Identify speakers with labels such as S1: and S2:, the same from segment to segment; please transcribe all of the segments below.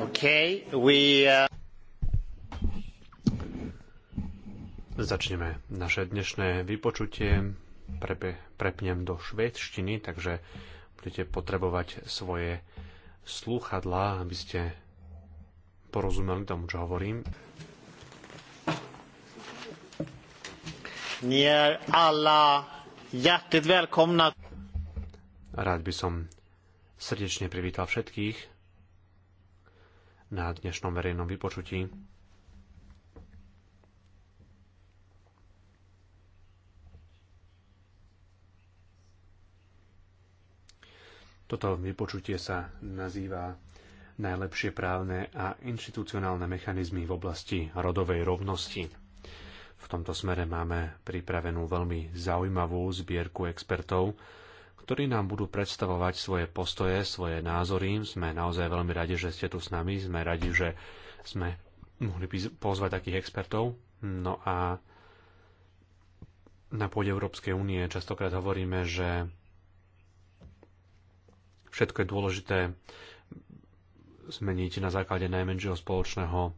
S1: Okay, we, uh...
S2: Začneme naše dnešné vypočutie. Prepe, prepnem do švédštiny, takže budete potrebovať svoje slúchadlá, aby ste porozumeli tomu, čo hovorím. Ni er alla hjärtligt välkomna. Rád by som srdečne privítal všetkých na dnešnom verejnom vypočutí. Toto vypočutie sa nazýva najlepšie právne a inštitucionálne mechanizmy v oblasti rodovej rovnosti. V tomto smere máme pripravenú veľmi zaujímavú zbierku expertov, ktorí nám budú predstavovať svoje postoje, svoje názory. Sme naozaj veľmi radi, že ste tu s nami. Sme radi, že sme mohli pozvať takých expertov. No a na pôde Európskej únie častokrát hovoríme, že všetko je dôležité zmeniť na základe najmenšieho spoločného e,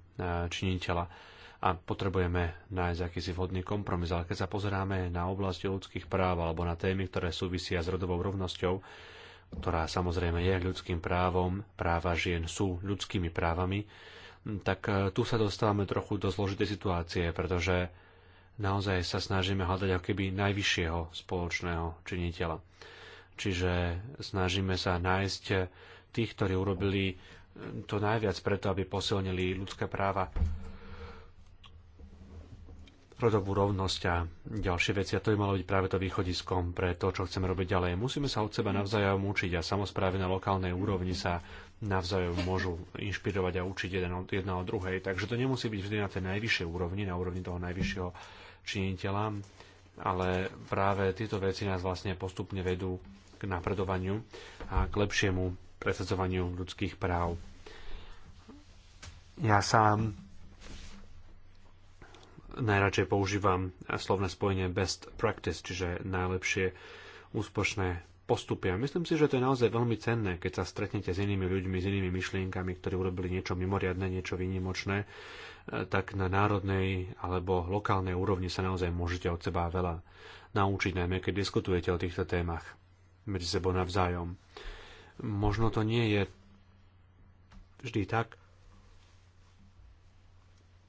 S2: činiteľa a potrebujeme nájsť akýsi vhodný kompromis. Ale keď sa pozeráme na oblasti ľudských práv alebo na témy, ktoré súvisia s rodovou rovnosťou, ktorá samozrejme je ľudským právom, práva žien sú ľudskými právami, tak eh, tu sa dostávame trochu do zložitej situácie, pretože naozaj sa snažíme hľadať ako keby najvyššieho spoločného činiteľa. Čiže snažíme sa nájsť tých, ktorí urobili eh, to najviac preto, aby posilnili ľudské práva rodovú rovnosť a ďalšie veci. A to by malo byť práve to východiskom pre to, čo chceme robiť ďalej. Musíme sa od seba navzájom učiť a samozpráve na lokálnej úrovni sa navzájom môžu inšpirovať a učiť jeden od, jedna od druhej. Takže to nemusí byť vždy na tej najvyššej úrovni, na úrovni toho najvyššieho činiteľa, ale práve tieto veci nás vlastne postupne vedú k napredovaniu a k lepšiemu presadzovaniu ľudských práv. Ja sám najradšej používam slovné spojenie best practice, čiže najlepšie úspešné postupy. A myslím si, že to je naozaj veľmi cenné, keď sa stretnete s inými ľuďmi, s inými myšlienkami, ktorí urobili niečo mimoriadne, niečo výnimočné, e, tak na národnej alebo lokálnej úrovni sa naozaj môžete od seba veľa naučiť, najmä keď diskutujete o týchto témach medzi sebou navzájom. Možno to nie je vždy tak,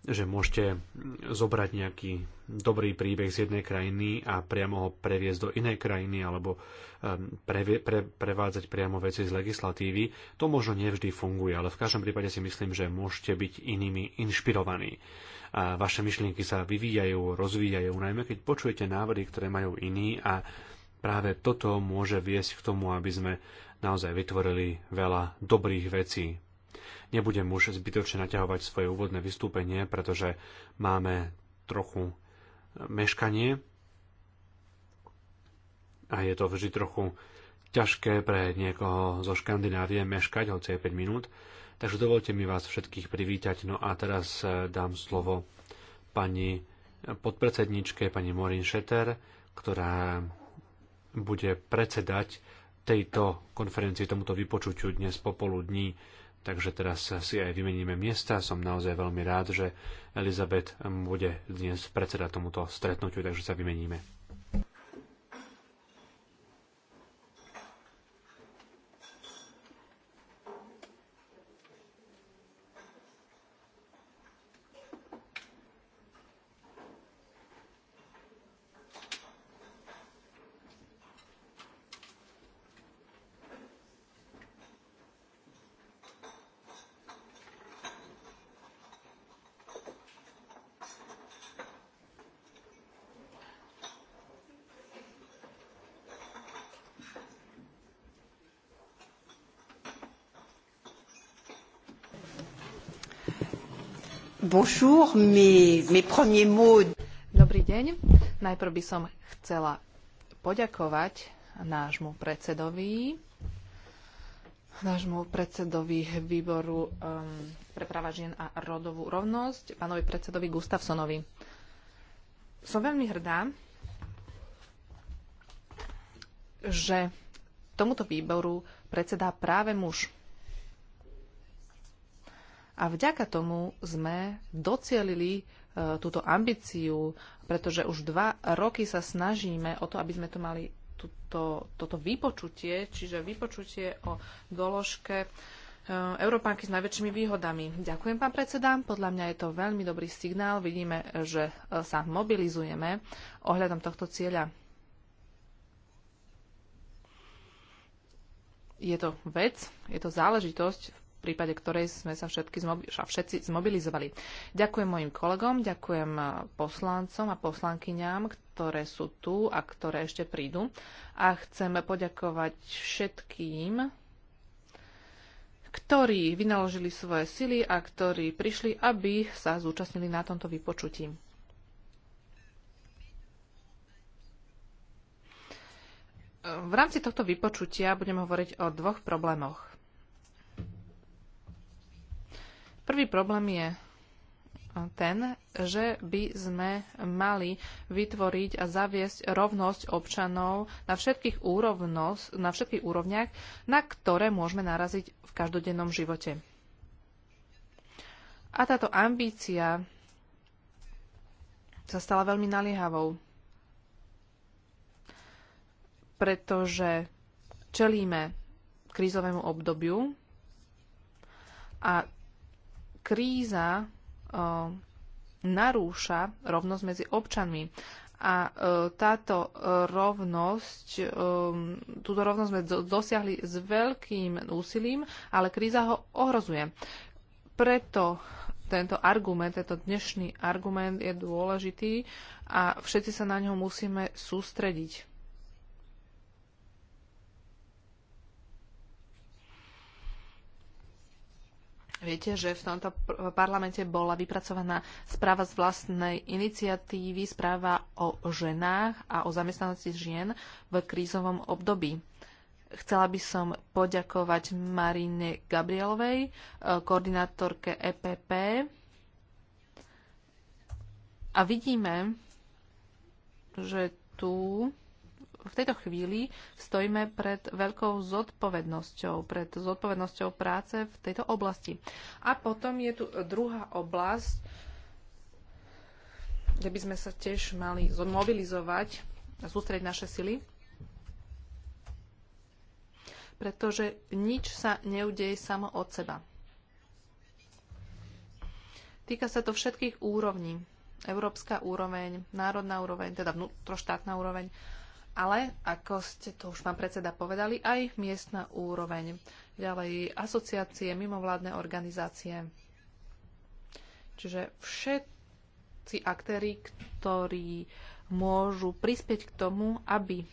S2: že môžete zobrať nejaký dobrý príbeh z jednej krajiny a priamo ho previesť do inej krajiny alebo ehm, previe, pre, prevádzať priamo veci z legislatívy. To možno nevždy funguje, ale v každom prípade si myslím, že môžete byť inými inšpirovaní. A vaše myšlienky sa vyvíjajú, rozvíjajú, najmä keď počujete návrhy, ktoré majú iní a práve toto môže viesť k tomu, aby sme naozaj vytvorili veľa dobrých vecí Nebudem už zbytočne naťahovať svoje úvodné vystúpenie, pretože máme trochu meškanie a je to vždy trochu ťažké pre niekoho zo Škandinávie meškať, hoci je 5 minút. Takže dovolte mi vás všetkých privítať. No a teraz eh, dám slovo pani podpredsedničke, pani Morin Šeter, ktorá bude predsedať tejto konferencii, tomuto vypočuťu dnes popoludní. Takže teraz si aj vymeníme miesta. Som naozaj veľmi rád, že Elizabeth bude dnes predseda tomuto stretnutiu, takže sa vymeníme.
S1: Bonjour, mes, mes premiers mots. Dobrý deň. Najprv by som chcela poďakovať nášmu predsedovi, nášmu predsedovi výboru um, práva žien a rodovú rovnosť, pánovi predsedovi Gustafsonovi. Som veľmi hrdá, že tomuto výboru predsedá práve muž. A vďaka tomu sme docielili e, túto ambíciu, pretože už dva roky sa snažíme o to, aby sme tu mali túto, toto vypočutie, čiže vypočutie o doložke e, Európanky s najväčšími výhodami. Ďakujem, pán predseda. Podľa mňa je to veľmi dobrý signál. Vidíme, e, že sa mobilizujeme ohľadom tohto cieľa. Je to vec, je to záležitosť, v prípade ktorej sme sa všetky zmobi- všetci zmobilizovali. Ďakujem mojim kolegom, ďakujem poslancom a poslankyňám, ktoré sú tu a ktoré ešte prídu. A chcem poďakovať všetkým, ktorí vynaložili svoje sily a ktorí prišli, aby sa zúčastnili na tomto vypočutí. V rámci tohto vypočutia budeme hovoriť o dvoch problémoch. Prvý problém je ten, že by sme mali vytvoriť a zaviesť rovnosť občanov na všetkých, úrovnos, na všetkých úrovniach, na ktoré môžeme naraziť v každodennom živote. A táto ambícia sa stala veľmi naliehavou, pretože čelíme krízovému obdobiu a kríza narúša rovnosť medzi občanmi. A e, táto rovnosť, e, túto rovnosť sme dosiahli s veľkým úsilím, ale kríza ho ohrozuje. Preto tento argument, tento dnešný argument je dôležitý a všetci sa na ňo musíme sústrediť. Viete, že v tomto parlamente bola vypracovaná správa z vlastnej iniciatívy, správa o ženách a o zamestnanosti žien v krízovom období. Chcela by som poďakovať Marine Gabrielovej, e, koordinátorke EPP. A vidíme, že tu v tejto chvíli stojíme pred veľkou zodpovednosťou, pred zodpovednosťou práce v tejto oblasti. A potom je tu druhá oblasť, kde by sme sa tiež mali zmobilizovať a sústrediť naše sily, pretože nič sa neudeje samo od seba. Týka sa to všetkých úrovní. Európska úroveň, národná úroveň, teda vnútroštátna úroveň, ale ako ste to už pán predseda povedali, aj miestna úroveň, ďalej asociácie, mimovládne organizácie. Čiže všetci aktéry, ktorí môžu prispieť k tomu, aby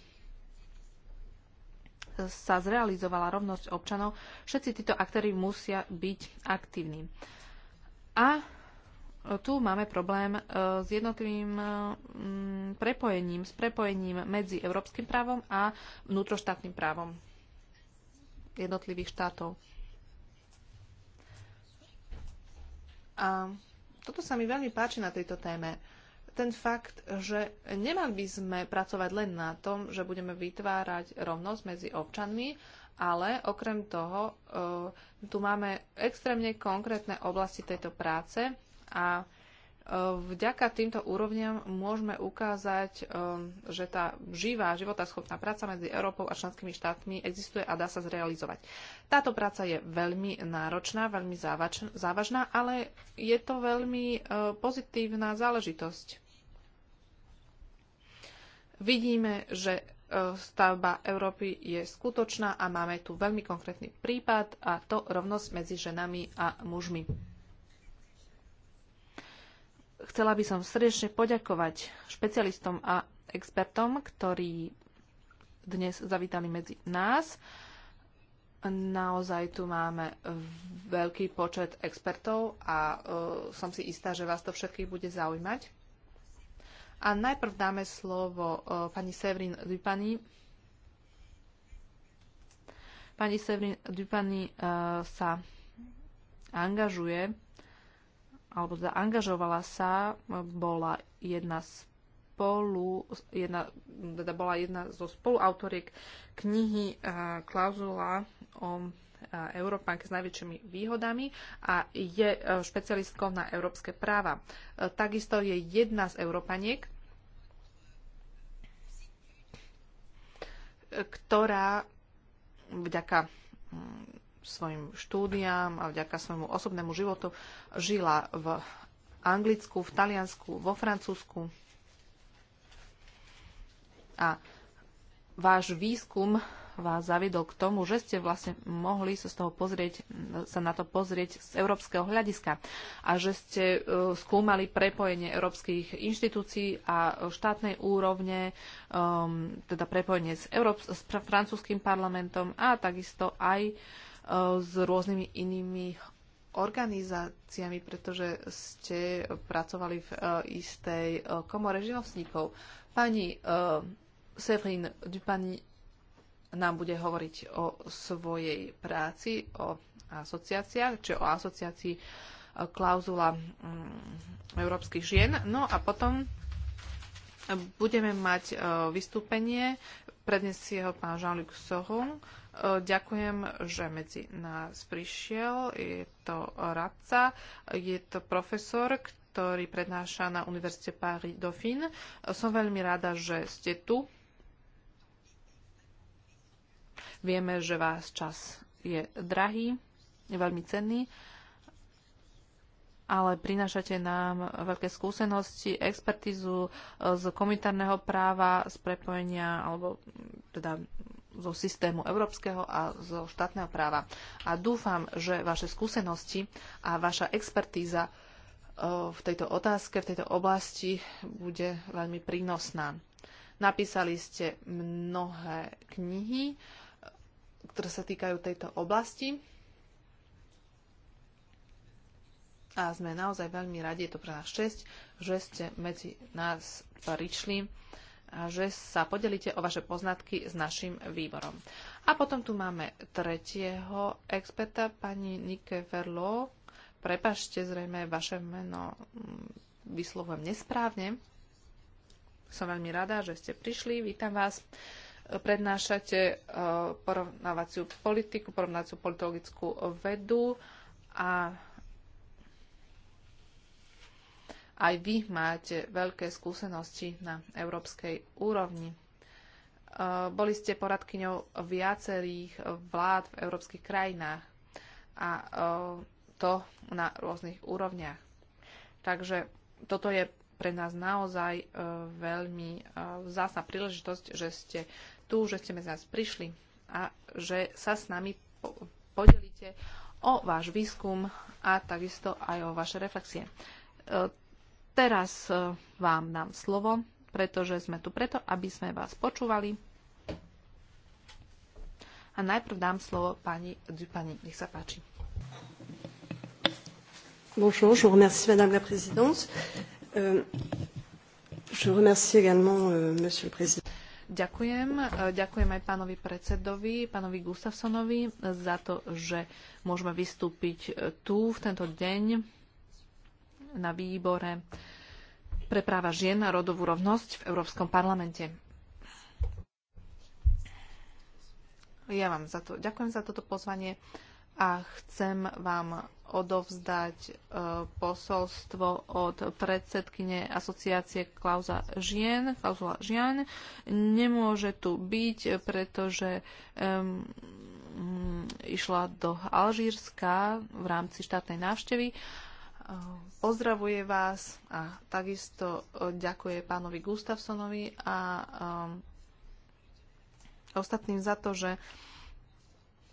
S1: sa zrealizovala rovnosť občanov, všetci títo aktéry musia byť aktívni. A tu máme problém e, s jednotlivým e, prepojením, s prepojením medzi európskym právom a vnútroštátnym právom jednotlivých štátov. A toto sa mi veľmi páči na tejto téme. Ten fakt, že nemali by sme pracovať len na tom, že budeme vytvárať rovnosť medzi občanmi, ale okrem toho e, tu máme extrémne konkrétne oblasti tejto práce, a e, vďaka týmto úrovniam môžeme ukázať, e, že tá živá, životaschopná práca medzi Európou a členskými štátmi existuje a dá sa zrealizovať. Táto práca je veľmi náročná, veľmi závažná, ale je to veľmi e, pozitívna záležitosť. Vidíme, že stavba Európy je skutočná a máme tu veľmi konkrétny prípad a to rovnosť medzi ženami a mužmi. Chcela by som srdečne poďakovať špecialistom a expertom, ktorí dnes zavítali medzi nás. Naozaj tu máme veľký počet expertov a uh, som si istá, že vás to všetkých bude zaujímať. A najprv dáme slovo uh, pani Severin Dupani. Pani Severin Dupani uh, e, sa angažuje alebo teda angažovala sa, bola jedna z spolu, jedna, teda bola jedna zo spoluautoriek knihy a, eh, Klauzula o eh, Európanke s najväčšími výhodami a je a, eh, špecialistkou na európske práva. A, takisto je jedna z Európaniek, ktorá vďaka hm, svojim štúdiám a vďaka svojmu osobnému životu žila v Anglicku, v Taliansku, vo Francúzsku. A váš výskum vás zaviedol k tomu, že ste vlastne mohli sa z toho pozrieť, sa na to pozrieť z európskeho hľadiska a že ste uh, skúmali prepojenie európskych inštitúcií a štátnej úrovne, um, teda prepojenie s, Európ- s francúzským parlamentom a takisto aj s rôznymi inými organizáciami, pretože ste pracovali v e, istej e, komore živnostníkov. Pani e, Severin Dupani nám bude hovoriť o svojej práci, o asociáciách, či o asociácii klauzula mm, európskych žien. No a potom budeme mať vystúpenie, predniesie ho pán Jean-Luc Soron, E, ďakujem, že medzi nás prišiel. Je to radca, je to profesor, ktorý prednáša na Univerzite Paris Dauphine. Som veľmi rada, že ste tu. Vieme, že vás čas je drahý, je veľmi cenný ale prinášate nám veľké skúsenosti, expertizu e, z komunitárneho práva, z prepojenia alebo teda zo systému európskeho a zo štátneho práva. A dúfam, že vaše skúsenosti a vaša expertíza e, v tejto otázke, v tejto oblasti bude veľmi prínosná. Napísali ste mnohé knihy, e, ktoré sa týkajú tejto oblasti a sme naozaj veľmi radi, je to pre nás čest, že ste medzi nás prišli a že sa podelíte o vaše poznatky s našim výborom. A potom tu máme tretieho experta, pani Nike Verlo. Prepašte, zrejme vaše meno mm, vyslovujem nesprávne. Som veľmi rada, že ste prišli. Vítam vás. Prednášate e, porovnávaciu politiku, porovnávaciu politologickú vedu a Aj vy máte veľké skúsenosti na európskej úrovni. E, boli ste poradkyňou viacerých vlád v európskych krajinách a e, to na rôznych úrovniach. Takže toto je pre nás naozaj e, veľmi vzácna príležitosť, že ste tu, že ste medzi nás prišli a že sa s nami podelíte o váš výskum a takisto aj o vaše reflexie Teraz e, vám dám slovo, pretože sme tu preto, aby sme vás počúvali. A najprv dám slovo pani Dupani. Nech sa páči.
S3: Bonjour, je vous remercie, Madame la Présidente.
S1: Euh, je remercie également euh, Monsieur le Président. Ďakujem. E, ďakujem aj pánovi predsedovi, pánovi Gustafsonovi za to, že môžeme vystúpiť e, tu v tento deň na výbore pre práva žien a rodovú rovnosť v Európskom parlamente. Ja vám za to, ďakujem za toto pozvanie a chcem vám odovzdať e, posolstvo od predsedkyne asociácie Klauza žien. Klauzula žien nemôže tu byť, pretože um, išla do Alžírska v rámci štátnej návštevy pozdravuje vás a takisto e, ďakuje pánovi Gustafsonovi a e, ostatným za to, že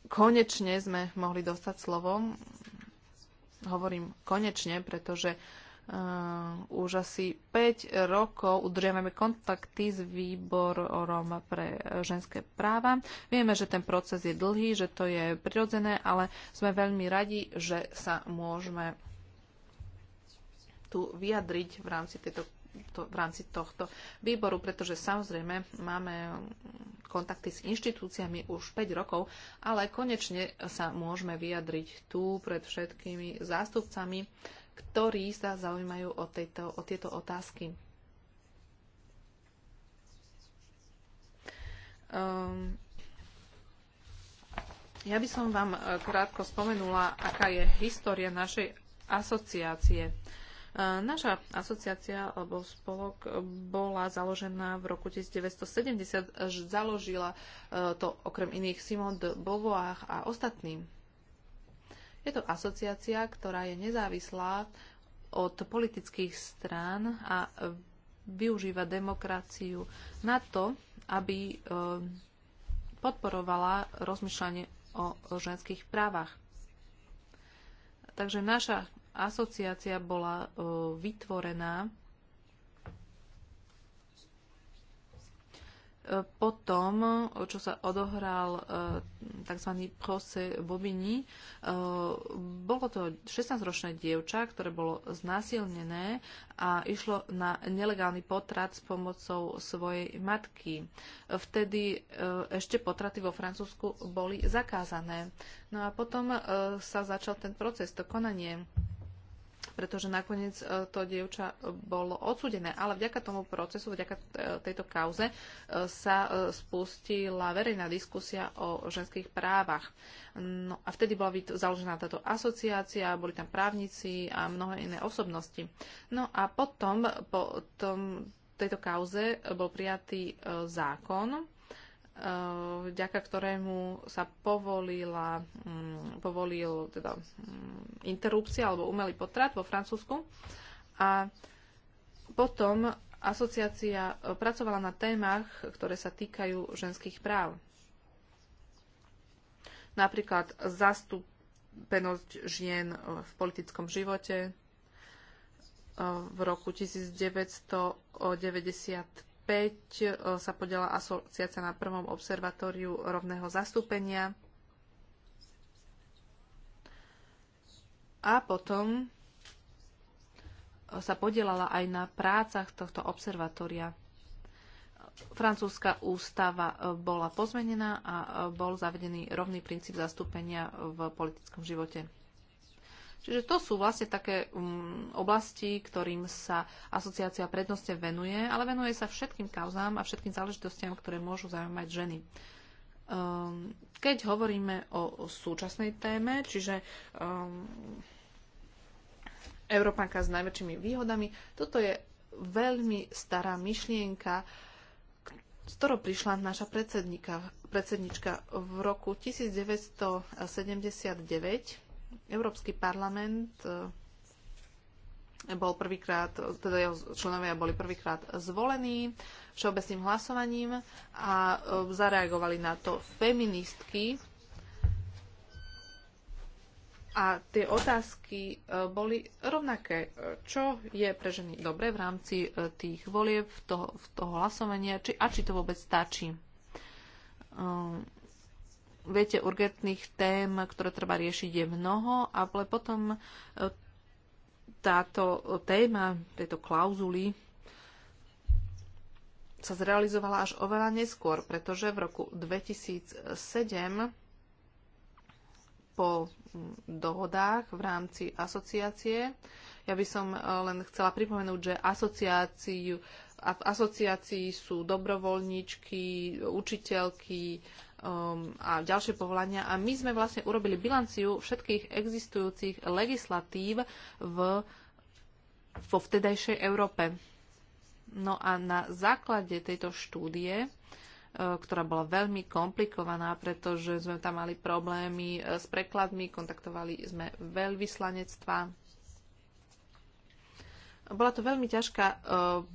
S1: konečne sme mohli dostať slovo. Hovorím konečne, pretože uh, už asi 5 rokov udržiavame kontakty s výborom pre ženské práva. Vieme, že ten proces je dlhý, že to je prirodzené, ale sme veľmi radi, že sa môžeme tu vyjadriť v rámci, tejto, to, v rámci tohto výboru, pretože samozrejme máme kontakty s inštitúciami už 5 rokov, ale konečne sa môžeme vyjadriť tu pred všetkými zástupcami, ktorí sa zaujímajú o, tejto, o tieto otázky. Um, ja by som vám krátko spomenula, aká je história našej asociácie. Uh, Naša asociácia alebo spolok bola založená v roku 1970, založila e, to okrem iných Simon de Beauvoir a ostatným. Je to asociácia, ktorá je nezávislá od politických strán a využíva demokraciu na to, aby e, podporovala rozmýšľanie o ženských právach. Takže naša asociácia bola e, vytvorená e, po tom, čo sa odohral e, tzv. prose Bobini, bolo to 16-ročné dievča, ktoré bolo znásilnené a išlo na nelegálny potrat s pomocou svojej matky. Vtedy ešte potraty vo Francúzsku boli zakázané. No a potom sa začal ten proces, to konanie pretože nakoniec e, to dievča bolo odsudené. Ale vďaka tomu procesu, vďaka e, tejto kauze e, sa spustila verejná diskusia o ženských právach. No a vtedy bola založená táto asociácia, boli tam právnici a mnohé iné osobnosti. No a potom, po tom, tejto kauze bol prijatý zákon, Eh, vďaka ktorému sa povolila, mm, povolil teda, mm, interrupcia alebo umelý potrat vo Francúzsku. A potom asociácia eh, pracovala na témach, ktoré sa týkajú ženských práv. Napríklad zastúpenosť žien eh, v politickom živote v roku 1995 Eh, sa podiela asociácia na prvom observatóriu rovného zastúpenia. A potom eh, sa podielala aj na prácach tohto observatória. Francúzska ústava eh, bola pozmenená a bol zavedený rovný princíp zastúpenia v politickom živote. Čiže to sú vlastne také um, oblasti, ktorým sa asociácia prednostne venuje, ale venuje sa všetkým kauzám a všetkým záležitostiam, ktoré môžu zaujímať ženy. Um, keď hovoríme o, o súčasnej téme, čiže um, Európanka s najväčšími výhodami, toto je veľmi stará myšlienka, z ktorou prišla naša predsednička v roku 1979 Európsky parlament eh, bol prvýkrát, teda jeho členovia boli prvýkrát zvolení všeobecným hlasovaním a eh, zareagovali na to feministky. A tie otázky eh, boli rovnaké. Čo je pre ženy dobre v rámci tých volieb, toho, toho hlasovania či, a či to vôbec stačí. Ehm, viete, urgentných tém, ktoré treba riešiť, je mnoho, ale potom e, táto téma, tejto klauzuly sa zrealizovala až oveľa neskôr, pretože v roku 2007 po mm, dohodách v rámci asociácie. Ja by som e, len chcela pripomenúť, že asociáciu, v asociácii sú dobrovoľníčky, učiteľky, um, a ďalšie povolania. A my sme vlastne urobili bilanciu všetkých existujúcich legislatív v, vo vtedajšej Európe. No a na základe tejto štúdie e, ktorá bola veľmi komplikovaná, pretože sme tam mali problémy e, s prekladmi, kontaktovali sme veľvyslanectva. Bola to veľmi ťažká e,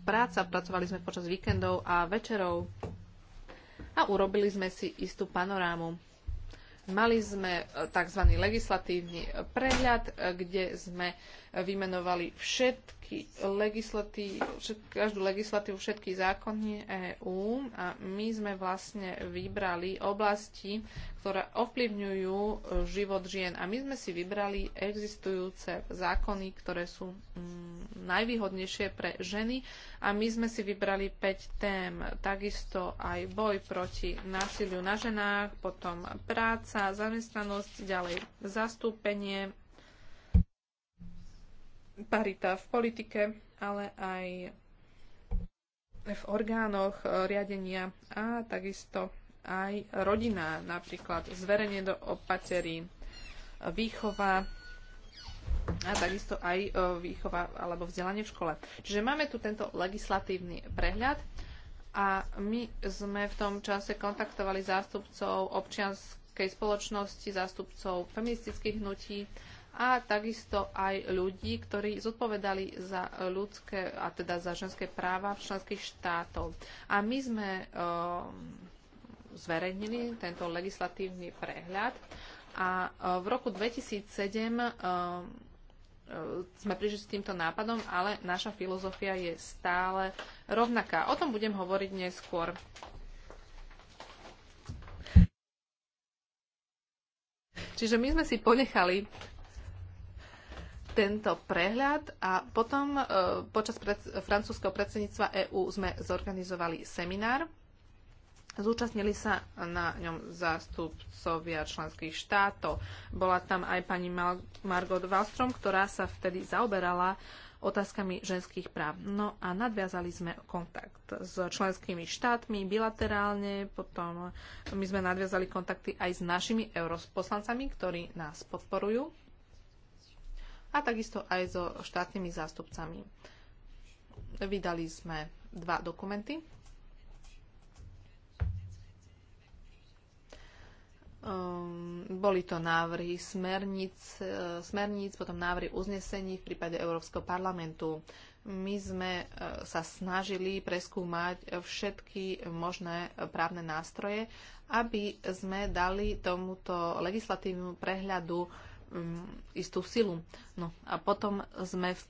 S1: práca, pracovali sme počas víkendov a večerov a urobili sme si istú panorámu. Mali sme eh, tzv. legislatívny eh, prehľad, eh, kde sme vymenovali všetky legislatív, každú legislatívu, všetky zákony EÚ a my sme vlastne vybrali oblasti, ktoré ovplyvňujú život žien. A my sme si vybrali existujúce zákony, ktoré sú mm, najvýhodnejšie pre ženy a my sme si vybrali 5 tém. Takisto aj boj proti násiliu na ženách, potom práca, zamestnanosť, ďalej zastúpenie parita v politike, ale aj v orgánoch e, riadenia a takisto aj rodina, napríklad zverenie do opatery, e, výchova a takisto aj e, výchova alebo vzdelanie v škole. Čiže máme tu tento legislatívny prehľad a my sme v tom čase kontaktovali zástupcov občianskej spoločnosti, zástupcov feministických hnutí, a takisto aj ľudí, ktorí zodpovedali za ľudské a teda za ženské práva v členských štátov. A my sme e, zverejnili tento legislatívny prehľad a e, v roku 2007 ehm, e, sme prišli s týmto nápadom, ale naša filozofia je stále rovnaká. O tom budem hovoriť neskôr. Čiže my sme si ponechali tento prehľad a potom e, počas pred, francúzského predsedníctva EÚ sme zorganizovali seminár. Zúčastnili sa na ňom zástupcovia členských štátov. Bola tam aj pani Mal- Margot Wallström, ktorá sa vtedy zaoberala otázkami ženských práv. No a nadviazali sme kontakt s členskými štátmi bilaterálne, potom my sme nadviazali kontakty aj s našimi europoslancami, ktorí nás podporujú a takisto aj so štátnymi zástupcami. Vydali sme dva dokumenty. Ehm, boli to návrhy smerníc, e, smerníc, potom návrhy uznesení v prípade Európskeho parlamentu. My sme e, sa snažili preskúmať všetky možné právne nástroje, aby sme dali tomuto legislatívnu prehľadu um, istú silu. No a potom sme v,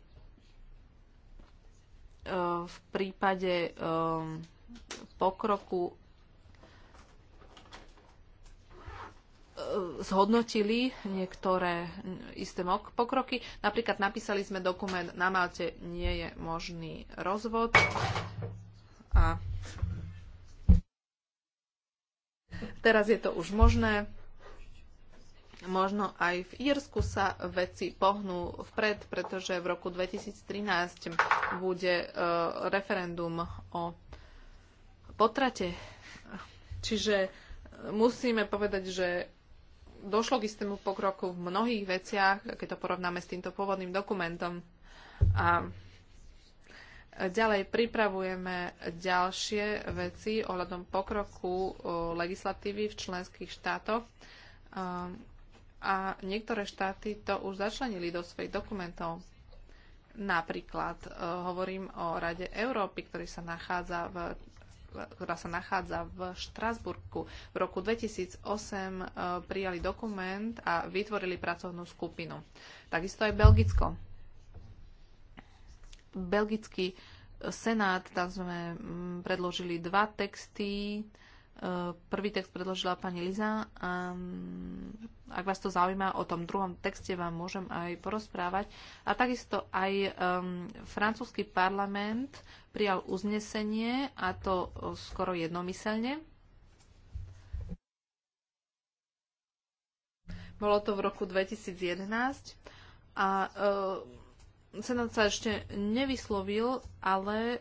S1: uh, v prípade um, pokroku e, zhodnotili niektoré isté pokroky. Napríklad napísali sme dokument na Malte nie je možný rozvod a teraz je to už možné možno aj v Írsku sa veci pohnú vpred, pretože v roku 2013 bude e, referendum o potrate. Čiže e, musíme povedať, že došlo k istému pokroku v mnohých veciach, keď to porovnáme s týmto pôvodným dokumentom. A ďalej pripravujeme ďalšie veci ohľadom pokroku e, legislatívy v členských štátoch a niektoré štáty to už začlenili do svojich dokumentov. Napríklad uh, hovorím o Rade Európy, ktorý sa nachádza v, ktorá sa nachádza v Štrasburku. V roku 2008 e, prijali dokument a vytvorili pracovnú skupinu. Takisto aj Belgicko. Belgický senát, tam sme predložili dva texty, Prvý text predložila pani Liza. Ak vás to zaujíma, o tom druhom texte vám môžem aj porozprávať. A takisto aj francúzsky parlament prijal uznesenie, a to skoro jednomyselne. Bolo to v roku 2011 a e, Senát sa ešte nevyslovil, ale e,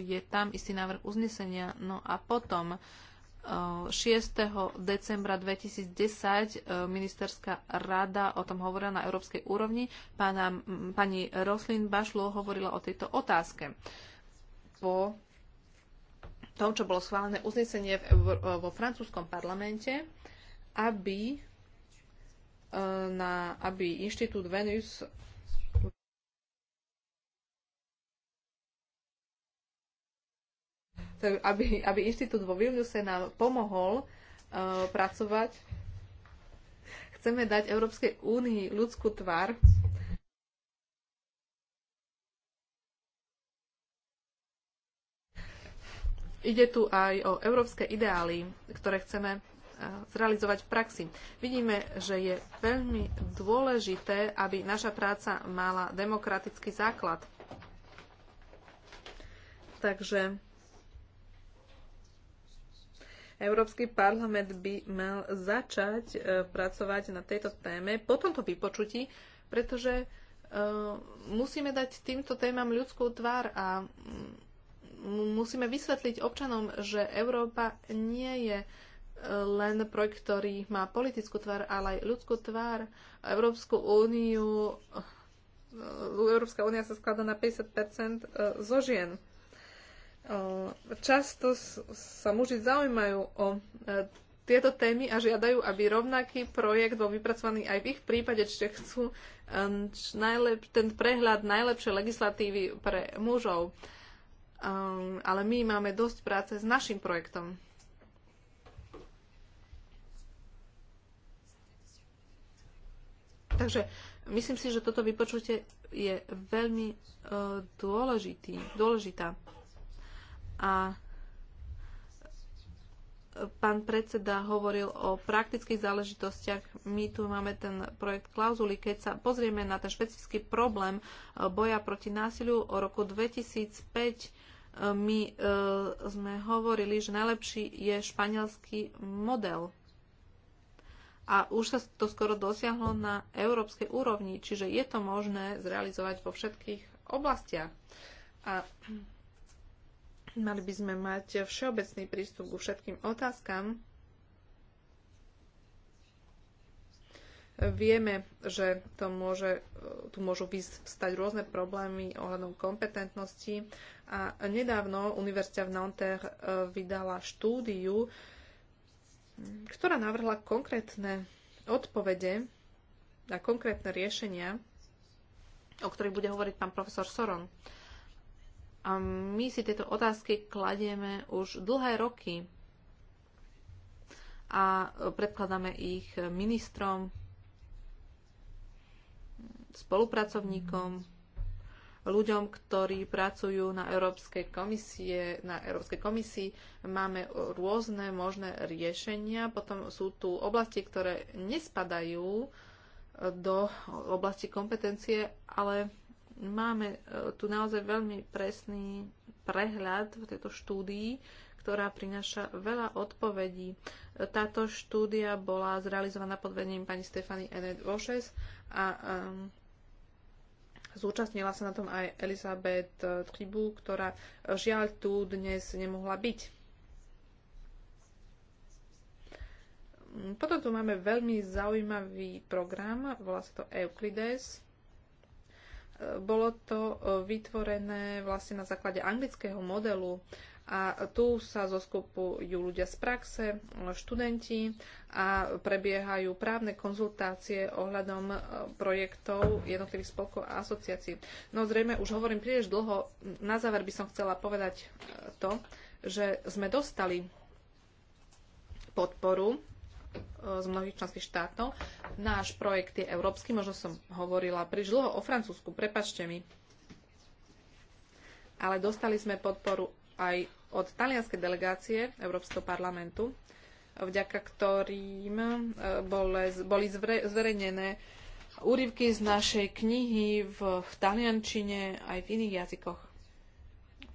S1: je tam istý návrh uznesenia. No a potom 6. decembra 2010 e, ministerská rada o tom hovorila na európskej úrovni. Pána, pani Roslin Bašlo hovorila o tejto otázke. Po tom, čo bolo schválené uznesenie v, e, vo francúzskom parlamente, aby, e, na, aby inštitút Venus aby, aby inštitút vo Vilniuse nám pomohol uh, pracovať. Chceme dať Európskej únii ľudskú tvár. Ide tu aj o európske ideály, ktoré chceme uh, zrealizovať v praxi. Vidíme, že je veľmi dôležité, aby naša práca mala demokratický základ. Takže Európsky parlament by mal začať e, pracovať na tejto téme po tomto vypočutí, pretože e, musíme dať týmto témam ľudskú tvár a mm, musíme vysvetliť občanom, že Európa nie je e, len projekt, ktorý má politickú tvár, ale aj ľudskú tvár. Európsku úniu Európska únia sa skladá na 50 zo žien často sa muži zaujímajú o e, tieto témy a žiadajú, aby rovnaký projekt bol vypracovaný aj v ich prípade, čiže chcú e, ten prehľad najlepšej legislatívy pre mužov. E, ale my máme dosť práce s našim projektom. Takže myslím si, že toto vypočutie je veľmi uh, dôležitý, dôležitá a pán predseda hovoril o praktických záležitostiach. My tu máme ten projekt klauzuly. Keď sa pozrieme na ten špecifický problém e, boja proti násiliu o roku 2005, e, my e, sme hovorili, že najlepší je španielský model. A už sa to skoro dosiahlo na európskej úrovni, čiže je to možné zrealizovať vo všetkých oblastiach. A Mali by sme mať všeobecný prístup ku všetkým otázkam. Vieme, že to môže, tu môžu vystať rôzne problémy ohľadom kompetentnosti a nedávno Univerzita v Nanterre e, vydala štúdiu, ktorá navrhla konkrétne odpovede na konkrétne riešenia, o ktorých bude hovoriť pán profesor Soron. A my si tieto otázky kladieme už dlhé roky a predkladáme ich ministrom, spolupracovníkom, ľuďom, ktorí pracujú na Európskej komisie, na Európskej komisii. Máme rôzne možné riešenia. Potom sú tu oblasti, ktoré nespadajú do oblasti kompetencie, ale Máme e, tu naozaj veľmi presný prehľad v tejto štúdii, ktorá prináša veľa odpovedí. E, táto štúdia bola zrealizovaná pod vedením pani Stefany Enet Vošes a um, zúčastnila sa na tom aj Elizabeth Tribu, ktorá žiaľ tu dnes nemohla byť. Potom tu máme veľmi zaujímavý program, volá sa to Euclides. Bolo to e, vytvorené vlastne na základe anglického modelu a tu sa zoskupujú ľudia z praxe, študenti a prebiehajú právne konzultácie ohľadom e, projektov jednotlivých spolkov a asociácií. No zrejme, už hovorím príliš dlho, na záver by som chcela povedať e, to, že sme dostali podporu z mnohých členských štátov. Náš projekt je európsky, možno som hovorila príliš dlho o Francúzsku, prepačte mi. Ale dostali sme podporu aj od talianskej delegácie Európskeho parlamentu, vďaka ktorým e, boli zverejnené úryvky z našej knihy v taliančine aj v iných jazykoch.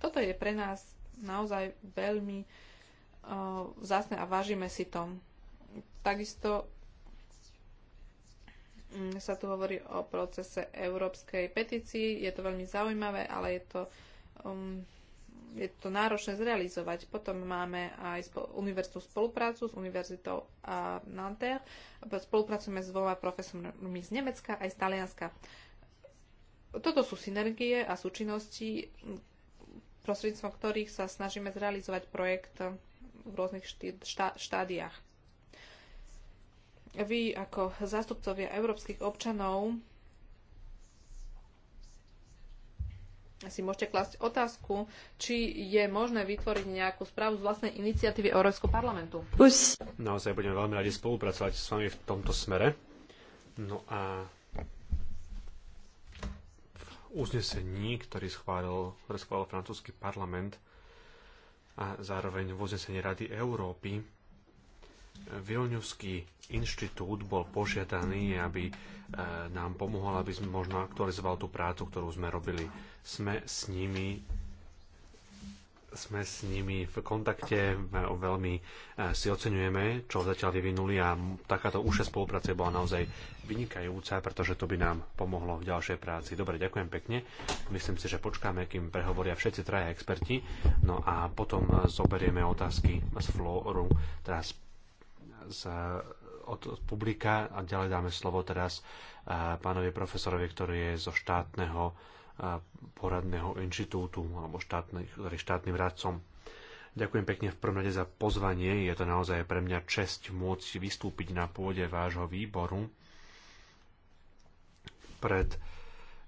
S1: Toto je pre nás naozaj veľmi uh, vzácne a vážime si tom. Takisto mm, sa tu hovorí o procese európskej petícii. Je to veľmi zaujímavé, ale je to, um, je to náročné zrealizovať. Potom máme aj spo- univerzitu spoluprácu s univerzitou a Nanterre. Spolupracujeme s dvoma profesormi z Nemecka aj z Talianska. Toto sú synergie a súčinnosti, prostredníctvom ktorých sa snažíme zrealizovať projekt v rôznych štá- štádiách vy ako zástupcovia európskych občanov si môžete klásť otázku, či je možné vytvoriť nejakú správu z vlastnej iniciatívy Európskeho parlamentu. Us.
S2: Naozaj budeme veľmi radi spolupracovať s vami v tomto smere. No a v uznesení, ktorý schválil, ktorý schválil francúzsky parlament a zároveň v uznesení Rady Európy, Vilňovský inštitút bol požiadaný, aby e, nám pomohol, aby sme možno aktualizoval tú prácu, ktorú sme robili. Sme s nimi sme s nimi v kontakte, veľmi e, si oceňujeme, čo zatiaľ vyvinuli a takáto úša spolupráca bola naozaj vynikajúca, pretože to by nám pomohlo v ďalšej práci. Dobre, ďakujem pekne. Myslím si, že počkáme, kým prehovoria všetci traja experti, no a potom zoberieme otázky z Flóru, teraz z, od, od publika a ďalej dáme slovo teraz pánovi profesorovi, ktorý je zo štátneho poradného inštitútu alebo štátny, štátnym radcom. Ďakujem pekne v prvom rade za pozvanie. Je to naozaj pre mňa česť môcť vystúpiť na pôde vášho výboru. Pred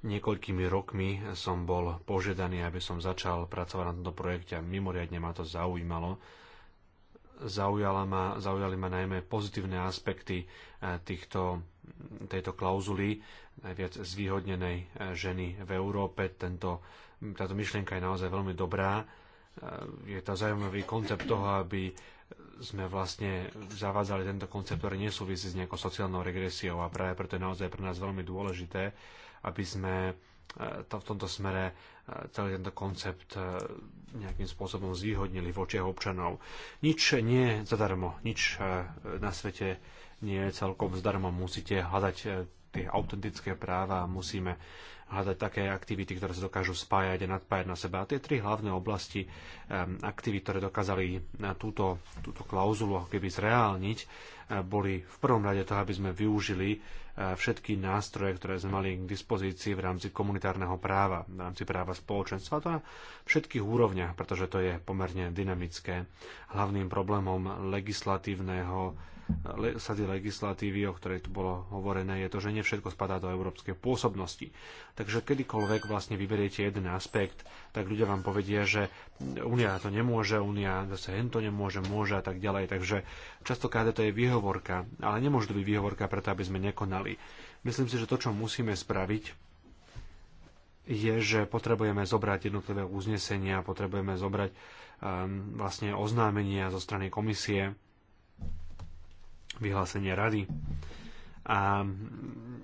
S2: niekoľkými rokmi som bol požiadaný, aby som začal pracovať na tomto projekte a mimoriadne ma to zaujímalo zaujala ma, zaujali ma najmä pozitívne aspekty e, týchto, tejto klauzuly najviac zvýhodnenej e, ženy v Európe. Tento, táto myšlienka je naozaj veľmi dobrá. E, je to zaujímavý koncept toho, aby sme vlastne zavádzali tento koncept, ktorý nesúvisí s nejakou sociálnou regresiou a práve preto je naozaj pre nás veľmi dôležité, aby sme E, to, v tomto smere e, celý tento koncept e, nejakým spôsobom zvýhodnili v očiach občanov. Nič nie je zadarmo, nič na svete nie je celkom zdarmo. Musíte hľadať tie autentické práva a musíme hľadať také aktivity, ktoré sa dokážu spájať a nadpájať na seba. A tie tri hlavné oblasti aktivít, ktoré dokázali na eh, túto, túto klauzulu ako keby zreálniť, eh, boli v prvom rade to, aby sme využili eh, všetky nástroje, ktoré sme mali k dispozícii v rámci komunitárneho práva, v rámci práva spoločenstva, to na všetkých úrovniach, pretože to je pomerne dynamické. Hlavným problémom legislatívneho sady legislatívy, o ktorej tu bolo hovorené, je to, že nevšetko spadá do európskej pôsobnosti. Takže kedykoľvek vlastne vyberiete jeden aspekt, tak ľudia vám povedia, že Únia to nemôže, Únia zase hen to nemôže, môže a tak ďalej. Takže častokrát to je výhovorka, ale nemôže to byť výhovorka preto, aby sme nekonali. Myslím si, že to, čo musíme spraviť, je, že potrebujeme zobrať jednotlivé uznesenia, potrebujeme zobrať um, vlastne oznámenia zo strany komisie, vyhlásenie rady a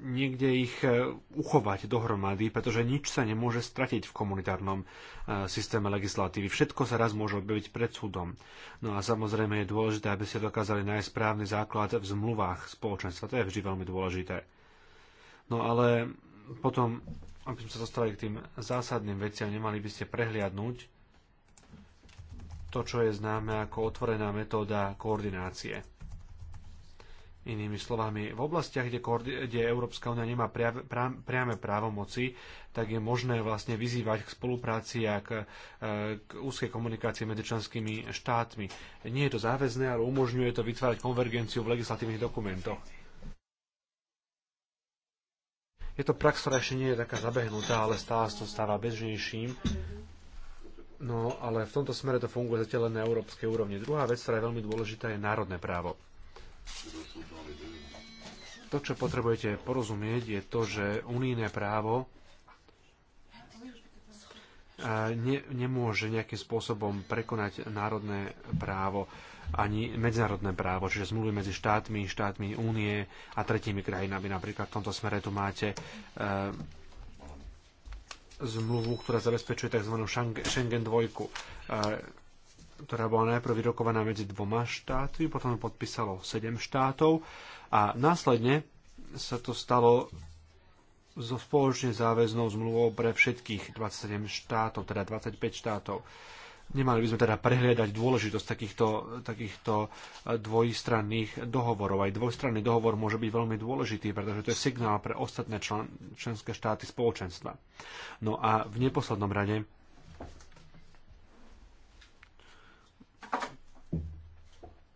S2: niekde ich e, uchovať dohromady, pretože nič sa nemôže stratiť v komunitárnom e, systéme legislatívy. Všetko sa raz môže objaviť pred súdom. No a samozrejme je dôležité, aby ste dokázali nájsť správny základ v zmluvách spoločenstva. To je vždy veľmi dôležité. No ale potom, aby sme sa dostali k tým zásadným veciam, nemali by ste prehliadnúť to, čo je známe ako otvorená metóda koordinácie Inými slovami, v oblastiach, kde, kde Európska únia nemá priame právomoci, tak je možné vlastne vyzývať k spolupráci a k, e, k úzkej komunikácii medzi členskými štátmi. Nie je to záväzné, ale umožňuje to vytvárať konvergenciu v legislatívnych dokumentoch. Je to prax, ktorá ešte nie je taká zabehnutá, ale stále sa to stáva bežnejším. No, ale v tomto smere to funguje zatiaľ len na európskej úrovni. Druhá vec, ktorá je veľmi dôležitá, je národné právo to, čo potrebujete porozumieť, je to, že unijné právo ne, nemôže nejakým spôsobom prekonať národné právo ani medzinárodné právo, čiže zmluvy medzi štátmi, štátmi únie a tretími krajinami. Napríklad v tomto smere tu máte uh, zmluvu, ktorá zabezpečuje tzv. Schengen dvojku. Uh, ktorá bola najprv vyrokovaná medzi dvoma štátmi, potom ju podpísalo sedem štátov a následne sa to stalo so spoločne záväznou zmluvou pre všetkých 27 štátov, teda 25 štátov. Nemali by sme teda prehliadať dôležitosť takýchto, takýchto eh, dvojstranných dohovorov. Aj dvojstranný dohovor môže byť veľmi dôležitý, pretože to je signál pre ostatné člen, členské štáty spoločenstva. No a v neposlednom rade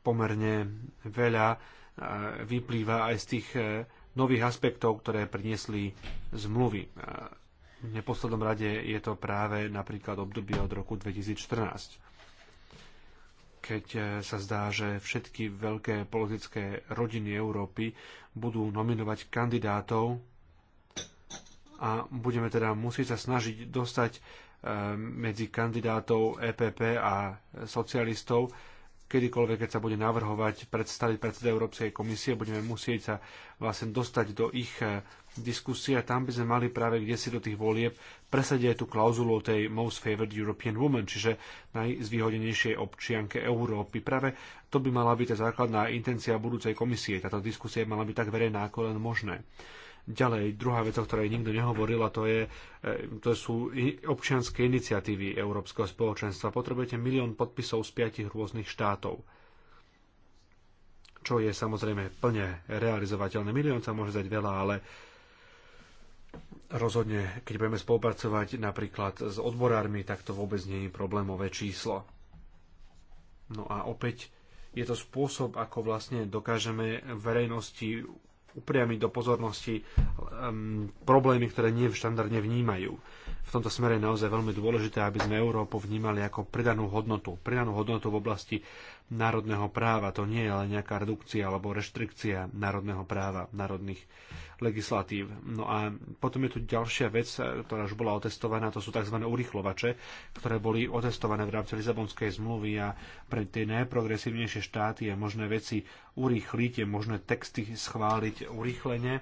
S2: pomerne veľa e, vyplýva aj z tých e, nových aspektov, ktoré priniesli zmluvy. E, v neposlednom rade je to práve napríklad obdobie od roku 2014 keď sa zdá, že všetky veľké politické rodiny Európy budú nominovať kandidátov a budeme teda musieť sa snažiť dostať medzi kandidátov EPP a socialistov kedykoľvek, keď sa bude navrhovať predstaviť predseda Európskej komisie, budeme musieť sa vlastne dostať do ich eh, diskusie a tam by sme mali práve kde si do tých volieb presadiť aj tú klauzulu o tej Most Favored European Woman, čiže najzvýhodenejšej občianke Európy. Práve to by mala byť tá základná intencia budúcej komisie. Táto diskusia mala byť tak verejná, ako len možné. Ďalej, druhá vec, o ktorej nikto nehovoril, a to, je, e, to sú občianske iniciatívy Európskeho spoločenstva. Potrebujete milión podpisov z piatich rôznych štátov čo je samozrejme plne realizovateľné. Milión sa môže dať veľa, ale rozhodne, keď budeme spolupracovať napríklad s odborármi, tak to vôbec nie je problémové číslo. No a opäť je to spôsob, ako vlastne dokážeme verejnosti upriamiť do pozornosti um, problémy, ktoré nie štandardne vnímajú v tomto smere je naozaj veľmi dôležité, aby sme Európu vnímali ako pridanú hodnotu. Pridanú hodnotu v oblasti národného práva. To nie je len nejaká redukcia alebo reštrikcia národného práva, národných legislatív. No a potom je tu ďalšia vec, ktorá už bola otestovaná, to sú tzv. urychlovače, ktoré boli otestované v rámci Lisabonskej zmluvy a pre tie najprogresívnejšie štáty je možné veci urýchliť, je možné texty schváliť urýchlenie.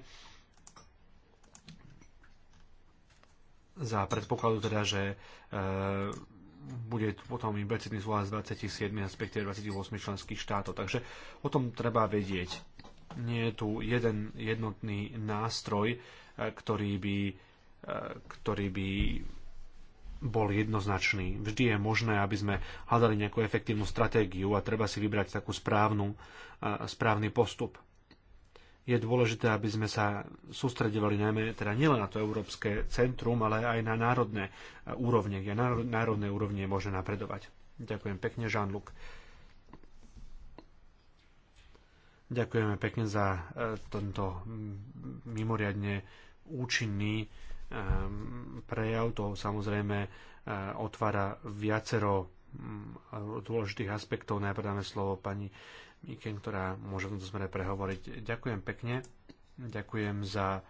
S2: za predpokladu teda, že e, bude potom implicitný súhlas 27, respektíve 28 členských štátov. Takže o tom treba vedieť. Nie je tu jeden jednotný nástroj, e, ktorý by, e, ktorý by bol jednoznačný. Vždy je možné, aby sme hľadali nejakú efektívnu stratégiu a treba si vybrať takú správnu, správny postup je dôležité, aby sme sa sústredovali najmä teda nielen na to Európske centrum, ale aj na národné úrovne, kde na národné úrovne je možné napredovať. Ďakujem pekne, Jean-Luc. Ďakujeme pekne za e, tento mimoriadne účinný e, prejav. To samozrejme e, otvára viacero dôležitých aspektov. Najprv dáme slovo pani Miken, ktorá môže v tomto smere prehovoriť. Ďakujem pekne, ďakujem za e,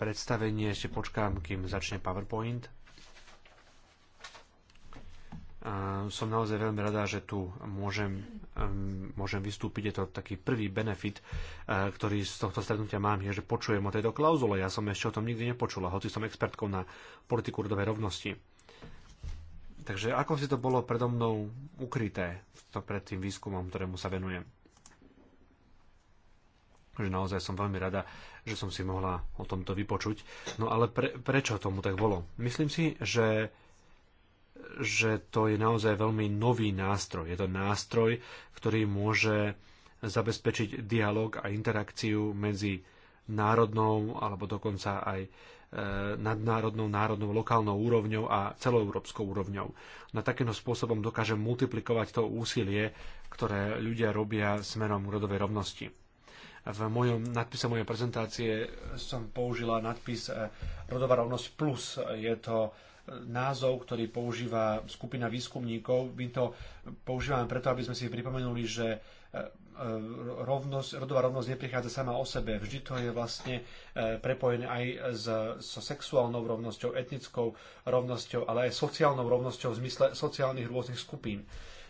S2: predstavenie, ešte počkám, kým začne PowerPoint. som naozaj veľmi rada, že tu môžem, môžem vystúpiť. Je to taký prvý benefit, e, ktorý z tohto stretnutia mám, je, že počujem o tejto klauzule. Ja som ešte o tom nikdy nepočula, hoci som expertkou na politiku rodovej rovnosti Takže ako si to bolo predo mnou ukryté to pred tým výskumom, ktorému sa venujem? že naozaj som veľmi rada, že som si mohla o tomto vypočuť. No ale pre, prečo tomu tak bolo? Myslím si, že, že to je naozaj veľmi nový nástroj. Je to nástroj, ktorý môže zabezpečiť dialog a interakciu medzi národnou alebo dokonca aj Eh, nadnárodnou, národnou, lokálnou úrovňou a celoeurópskou úrovňou. Na takýmto spôsobom dokáže multiplikovať to úsilie, ktoré ľudia robia smerom rodovej rovnosti. V mojom nadpise mojej prezentácie som použila nadpis eh, Rodová rovnosť plus. Je to eh, názov, ktorý používa skupina výskumníkov. My to používame preto, aby sme si pripomenuli, že E, e, rovnosť, rodová rovnosť neprichádza sama o sebe. Vždy to je vlastne e, prepojené aj s, so sexuálnou rovnosťou, etnickou rovnosťou, ale aj sociálnou rovnosťou v zmysle sociálnych rôznych skupín.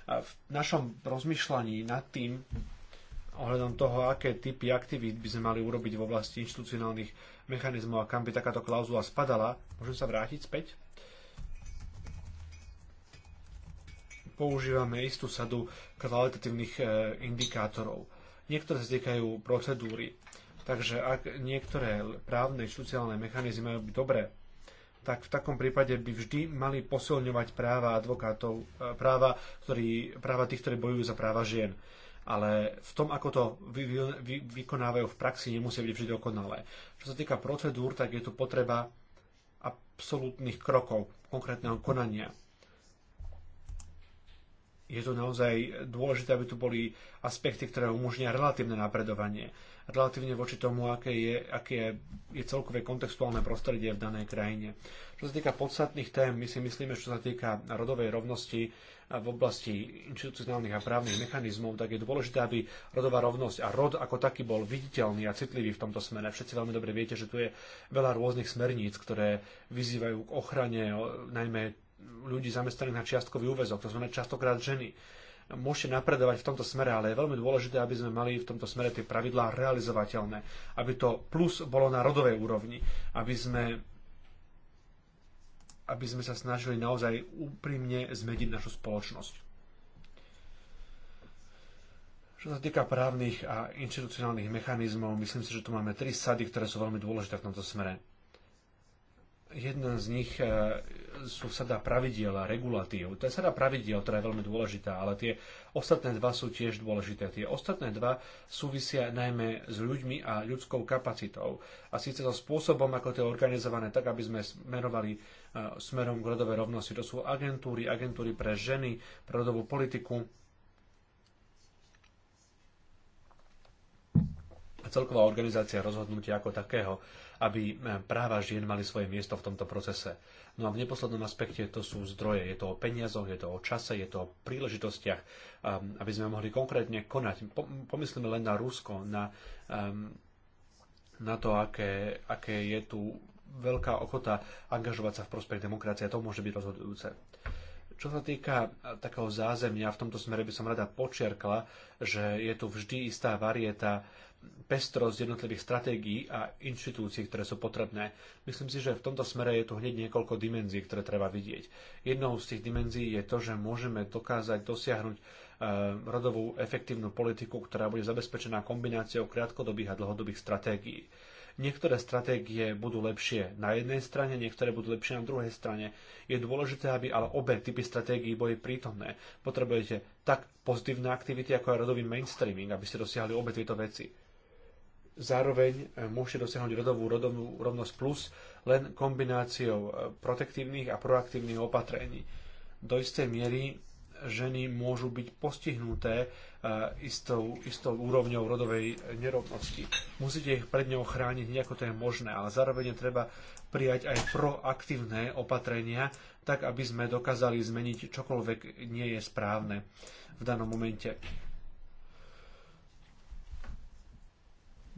S2: V našom rozmýšľaní nad tým, ohľadom toho, aké typy aktivít by sme mali urobiť v oblasti inštitucionálnych mechanizmov a kam by takáto klauzula spadala, môžem sa vrátiť späť? používame istú sadu kvalitatívnych e, indikátorov. Niektoré sa týkajú procedúry. Takže ak niektoré právne či sociálne mechanizmy majú byť dobré, tak v takom prípade by vždy mali posilňovať práva advokátov, e, práva, ktorí, práva tých, ktorí bojujú za práva žien ale v tom, ako to vy, vy, vy, vykonávajú v praxi, nemusia byť vždy dokonalé. Čo sa týka procedúr, tak je tu potreba absolútnych krokov, konkrétneho konania je to naozaj dôležité, aby tu boli aspekty, ktoré umožnia relatívne napredovanie. Relatívne voči tomu, aké je, aké je celkové kontextuálne prostredie v danej krajine. Čo sa týka podstatných tém, my si myslíme, čo sa týka rodovej rovnosti v oblasti inštitucionálnych a právnych mechanizmov, tak je dôležité, aby rodová rovnosť a rod ako taký bol viditeľný a citlivý v tomto smere. Všetci veľmi dobre viete, že tu je veľa rôznych smerníc, ktoré vyzývajú k ochrane najmä ľudí zamestnaných na čiastkový úvezok, to znamená častokrát ženy. Môžete napredovať v tomto smere, ale je veľmi dôležité, aby sme mali v tomto smere tie pravidlá realizovateľné, aby to plus bolo na rodovej úrovni, aby sme aby sme sa snažili naozaj úprimne zmeniť našu spoločnosť. Čo sa týka právnych a inštitucionálnych mechanizmov, myslím si, že tu máme tri sady, ktoré sú veľmi dôležité v tomto smere Jedna z nich e, sú sada pravidiel a regulatív. To je sada pravidiel, ktorá je veľmi dôležitá, ale tie ostatné dva sú tiež dôležité. Tie ostatné dva súvisia najmä s ľuďmi a ľudskou kapacitou. A síce so spôsobom, ako to je organizované, tak aby sme smerovali e, smerom k rodovej rovnosti. To sú agentúry, agentúry pre ženy, pre rodovú politiku, celková organizácia rozhodnutia ako takého, aby eh, práva žien mali svoje miesto v tomto procese. No a v neposlednom aspekte to sú zdroje. Je to o peniazoch, je to o čase, je to o príležitostiach, ehm, aby sme mohli konkrétne konať. Pomyslíme len na Rusko, na, ehm, na to, aké, aké je tu veľká ochota angažovať sa v prospech demokracie. To môže byť rozhodujúce. Čo sa týka eh, takého zázemia, v tomto smere by som rada počiarkla, že je tu vždy istá varieta pestrosť jednotlivých stratégií a inštitúcií, ktoré sú potrebné. Myslím si, že v tomto smere je tu hneď niekoľko dimenzií, ktoré treba vidieť. Jednou z tých dimenzií je to, že môžeme dokázať dosiahnuť eh, rodovú efektívnu politiku, ktorá bude zabezpečená kombináciou krátkodobých a dlhodobých stratégií. Niektoré stratégie budú lepšie na jednej strane, niektoré budú lepšie na druhej strane. Je dôležité, aby ale obe typy stratégií boli prítomné. Potrebujete tak pozitívne aktivity, ako aj rodový mainstreaming, aby ste dosiahli obe tieto veci. Zároveň e, môžete dosiahnuť rodovú rodovú rovnosť plus len kombináciou e, protektívnych a proaktívnych opatrení. Do istej miery ženy môžu byť postihnuté e, istou, istou úrovňou rodovej nerovnosti. Musíte ich pred ňou chrániť nejako to je možné, ale zároveň treba prijať aj proaktívne opatrenia, tak aby sme dokázali zmeniť čokoľvek nie je správne v danom momente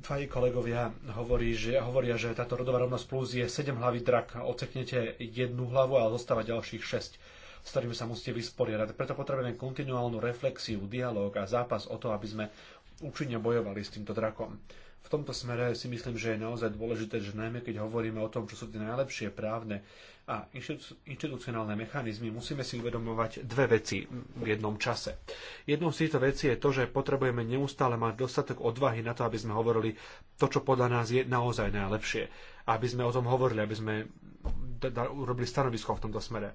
S2: Tvaji kolegovia hovorí, že, hovoria, že táto rodová rovnosť plus je 7 hlavy drak. Oceknete jednu hlavu, a zostáva ďalších 6 s ktorými sa musíte vysporiadať. Preto potrebujeme kontinuálnu reflexiu, dialog a zápas o to, aby sme účinne bojovali s týmto drakom. V tomto smere si myslím, že je naozaj dôležité, že najmä keď hovoríme o tom, čo sú tie najlepšie právne a inštitucionálne mechanizmy, musíme si uvedomovať dve veci v jednom čase. Jednou z týchto vecí je to, že potrebujeme neustále mať dostatok odvahy na to, aby sme hovorili to, čo podľa nás je naozaj najlepšie. Aby sme o tom hovorili, aby sme urobili stanovisko v tomto smere.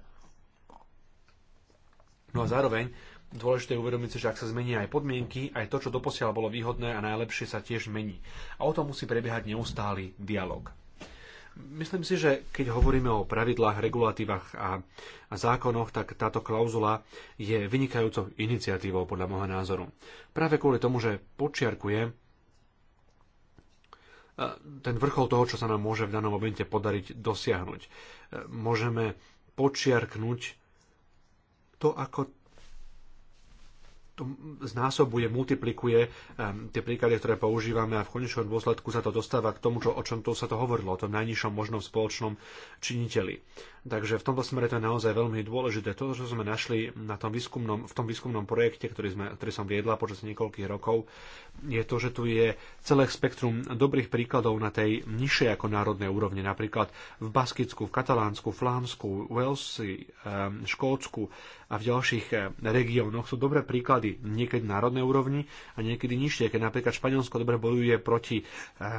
S2: No a zároveň Dôležité je uvedomiť si, že ak sa zmenia aj podmienky, aj to, čo doposiaľ bolo výhodné a najlepšie sa tiež mení. A o tom musí prebiehať neustály dialog. Myslím si, že keď hovoríme o pravidlách, regulatívach a, a zákonoch, tak táto klauzula je vynikajúcou iniciatívou podľa môjho názoru. Práve kvôli tomu, že počiarkuje e, ten vrchol toho, čo sa nám môže v danom momente podariť dosiahnuť. E, môžeme počiarknúť to, ako znásobuje, multiplikuje ehm, tie príklady, ktoré používame a v konečnom dôsledku sa to dostáva k tomu, čo, o čom tu sa to hovorilo, o tom najnižšom možnom spoločnom činiteli. Takže v tomto smere to je naozaj veľmi dôležité. To, čo sme našli na tom výskumnom, v tom výskumnom projekte, ktorý, sme, ktorý som viedla počas niekoľkých rokov, je to, že tu je celé spektrum dobrých príkladov na tej nižšej ako národnej úrovni. Napríklad v Baskicku, v Katalánsku, Flámsku, Walesi, ehm, Škótsku a v ďalších ehm, regiónoch sú dobré príklady dohody niekedy na národnej úrovni a niekedy nižšie. Keď napríklad Španielsko dobre bojuje proti eh,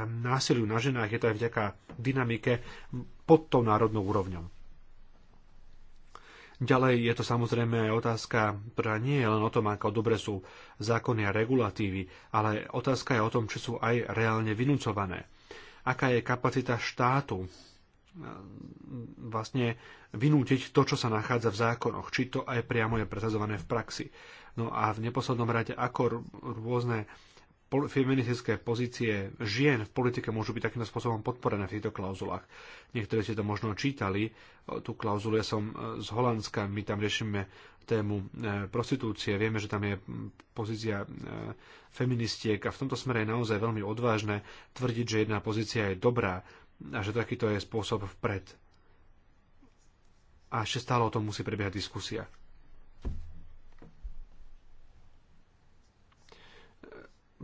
S2: násiliu na ženách, je to aj vďaka dynamike pod tou národnou úrovňou. Ďalej je to samozrejme aj otázka, ktorá nie je len o tom, ako dobre sú zákony a regulatívy, ale otázka je o tom, či sú aj reálne vynúcované. Aká je kapacita štátu eh, vlastne vynútiť to, čo sa nachádza v zákonoch, či to aj priamo je presadzované v praxi. No a v neposlednom rade, ako rôzne feministické pozície žien v politike môžu byť takýmto spôsobom podporené v týchto klauzulách. Niektorí ste to možno čítali, tú klauzulu ja som e, z Holandska, my tam riešime tému e, prostitúcie, vieme, že tam je pozícia e, feministiek a v tomto smere je naozaj veľmi odvážne tvrdiť, že jedna pozícia je dobrá a že takýto je spôsob vpred. A ešte stále o tom musí prebiehať diskusia.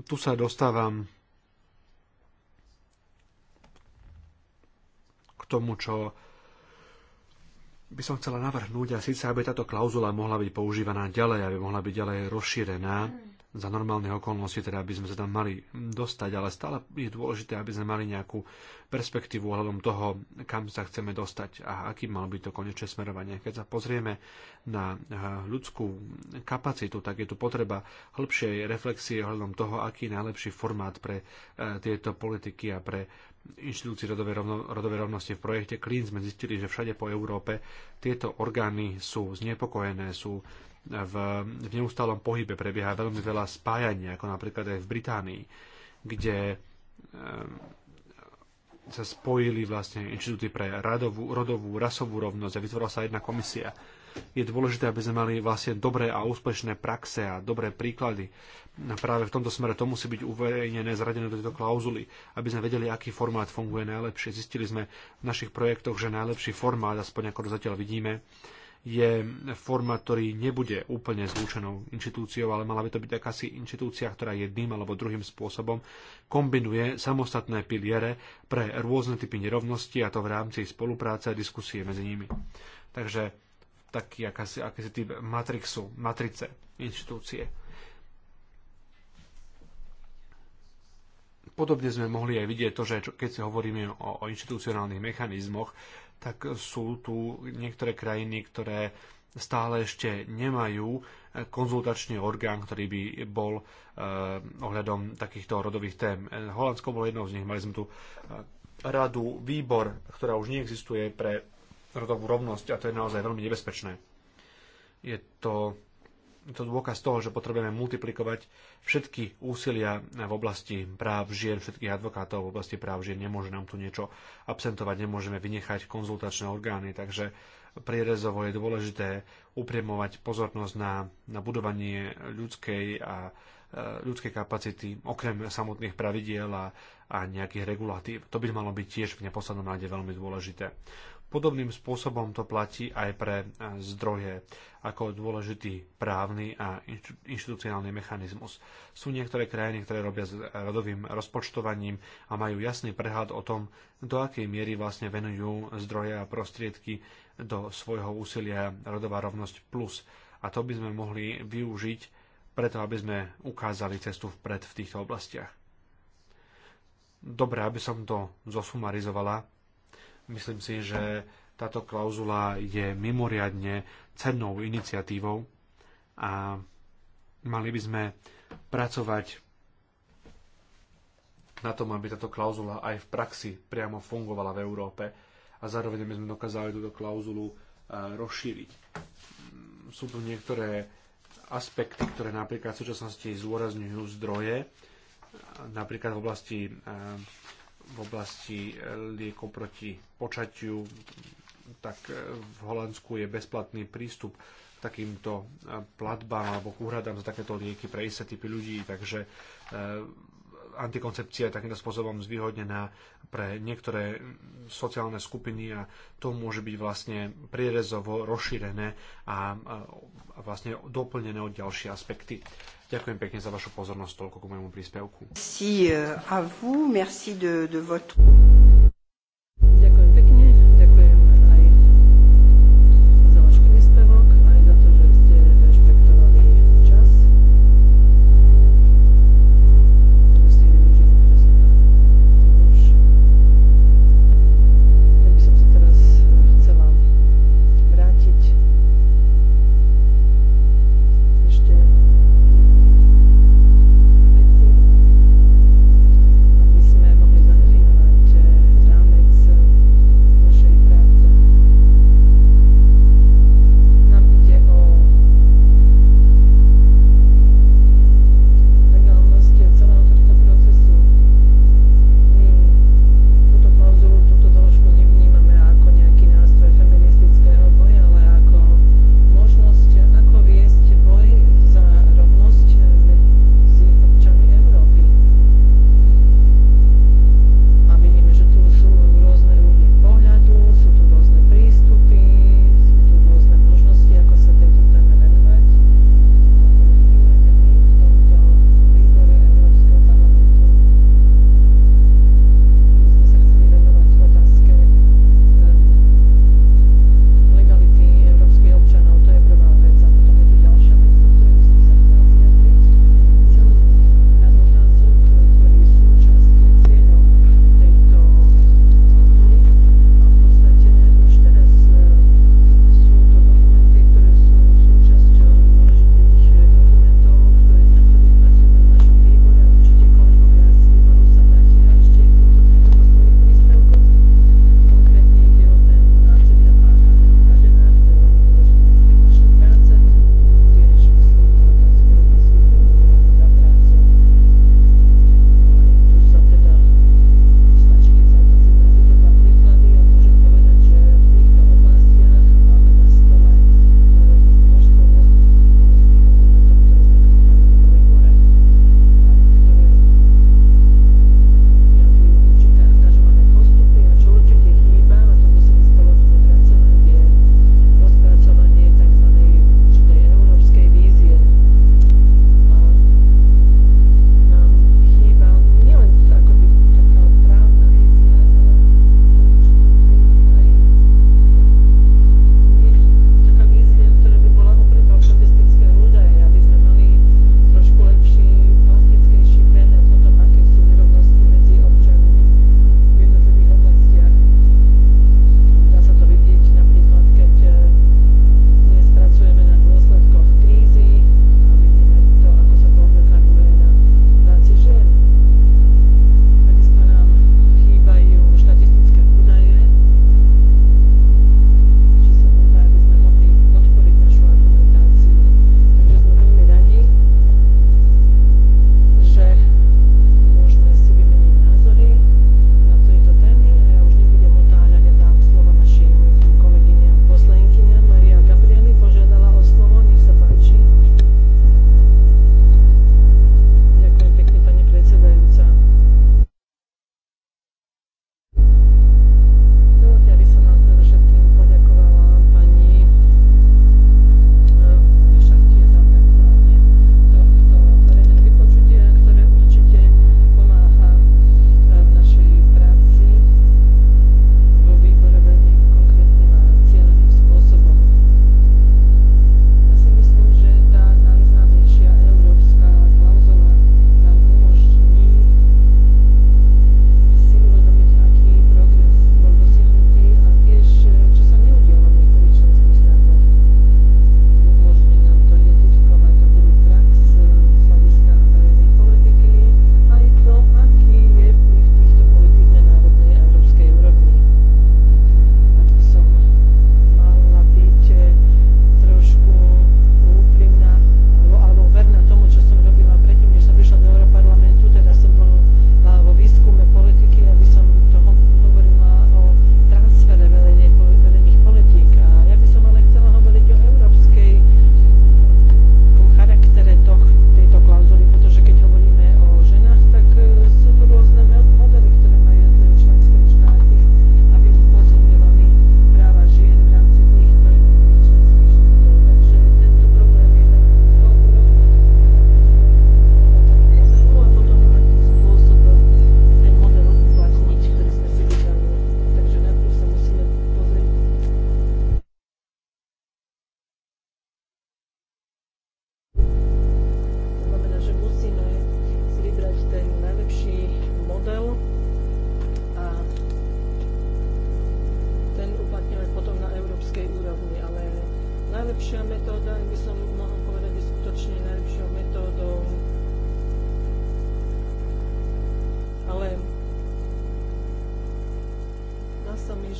S2: tu sa dostávam k tomu, čo by som chcela navrhnúť a síce, aby táto klauzula mohla byť používaná ďalej, aby mohla byť ďalej rozšírená za normálne okolnosti, teda aby sme sa tam mali dostať, ale stále je dôležité, aby sme mali nejakú perspektívu ohľadom toho, kam sa chceme dostať a aký mal byť to konečné smerovanie. Keď sa pozrieme na eh, ľudskú kapacitu, tak je tu potreba hĺbšej reflexie ohľadom toho, aký je najlepší formát pre eh, tieto politiky a pre inštitúcii rodovej, rovno, rodovej rovnosti v projekte Clean sme zistili, že všade po Európe tieto orgány sú znepokojené, sú v, v neustálom pohybe, prebieha veľmi veľa spájania, ako napríklad aj v Británii, kde eh, sa spojili vlastne inštitúty pre radovú, rodovú, rasovú rovnosť a vytvorila sa jedna komisia. Je dôležité, aby sme mali vlastne dobré a úspešné praxe a dobré príklady. A práve v tomto smere to musí byť uverejnené, zradené do tejto klauzuly, aby sme vedeli, aký formát funguje najlepšie. Zistili sme v našich projektoch, že najlepší formát, aspoň ako to zatiaľ vidíme, je forma, ktorý nebude úplne zlúčenou inštitúciou, ale mala by to byť akási inštitúcia, ktorá jedným alebo druhým spôsobom kombinuje samostatné piliere pre rôzne typy nerovnosti a to v rámci spolupráce a diskusie medzi nimi. Takže taký akási, akási typ matrixu, matrice inštitúcie. Podobne sme mohli aj vidieť to, že keď si hovoríme o, o inštitucionálnych mechanizmoch, tak sú tu niektoré krajiny, ktoré stále ešte nemajú konzultačný orgán, ktorý by bol eh, ohľadom takýchto rodových tém. Holandsko bolo jednou z nich. Mali sme tu eh, radu, výbor, ktorá už neexistuje pre rodovú rovnosť a to je naozaj veľmi nebezpečné. Je to to dôkaz toho, že potrebujeme multiplikovať všetky úsilia v oblasti práv žien, všetkých advokátov v oblasti práv žien. Nemôže nám tu niečo absentovať, nemôžeme vynechať konzultačné orgány, takže prierezovo je dôležité upriemovať pozornosť na, na budovanie ľudskej a e, ľudskej kapacity, okrem samotných pravidiel a, a nejakých regulatív. To by malo byť tiež v neposlednom rade veľmi dôležité. Podobným spôsobom to platí aj pre e, zdroje ako dôležitý právny a inštitucionálny mechanizmus. Sú niektoré krajiny, ktoré robia s e, rodovým rozpočtovaním a majú jasný prehľad o tom, do akej miery vlastne venujú zdroje a prostriedky do svojho úsilia rodová rovnosť plus. A to by sme mohli využiť preto, aby sme ukázali cestu vpred v týchto oblastiach. Dobre, aby som to zosumarizovala, Myslím si, že táto klauzula je mimoriadne cennou iniciatívou a mali by sme pracovať na tom, aby táto klauzula aj v praxi priamo fungovala v Európe a zároveň by sme dokázali túto klauzulu e, rozšíriť. Mm, sú tu niektoré aspekty, ktoré napríklad v súčasnosti zúrazňujú zdroje, napríklad v oblasti e, v oblasti eh, liekov proti počatiu, tak eh, v Holandsku je bezplatný prístup k takýmto eh, platbám alebo k úhradám za takéto lieky pre isté typy ľudí, takže antikoncepcia je takýmto spôsobom zvýhodnená pre niektoré sociálne skupiny a to môže byť vlastne prierezovo rozšírené a, vlastne doplnené od ďalšie aspekty. Ďakujem pekne za vašu pozornosť, toľko k môjmu príspevku.
S3: Merci euh, à vous, merci de, de votre...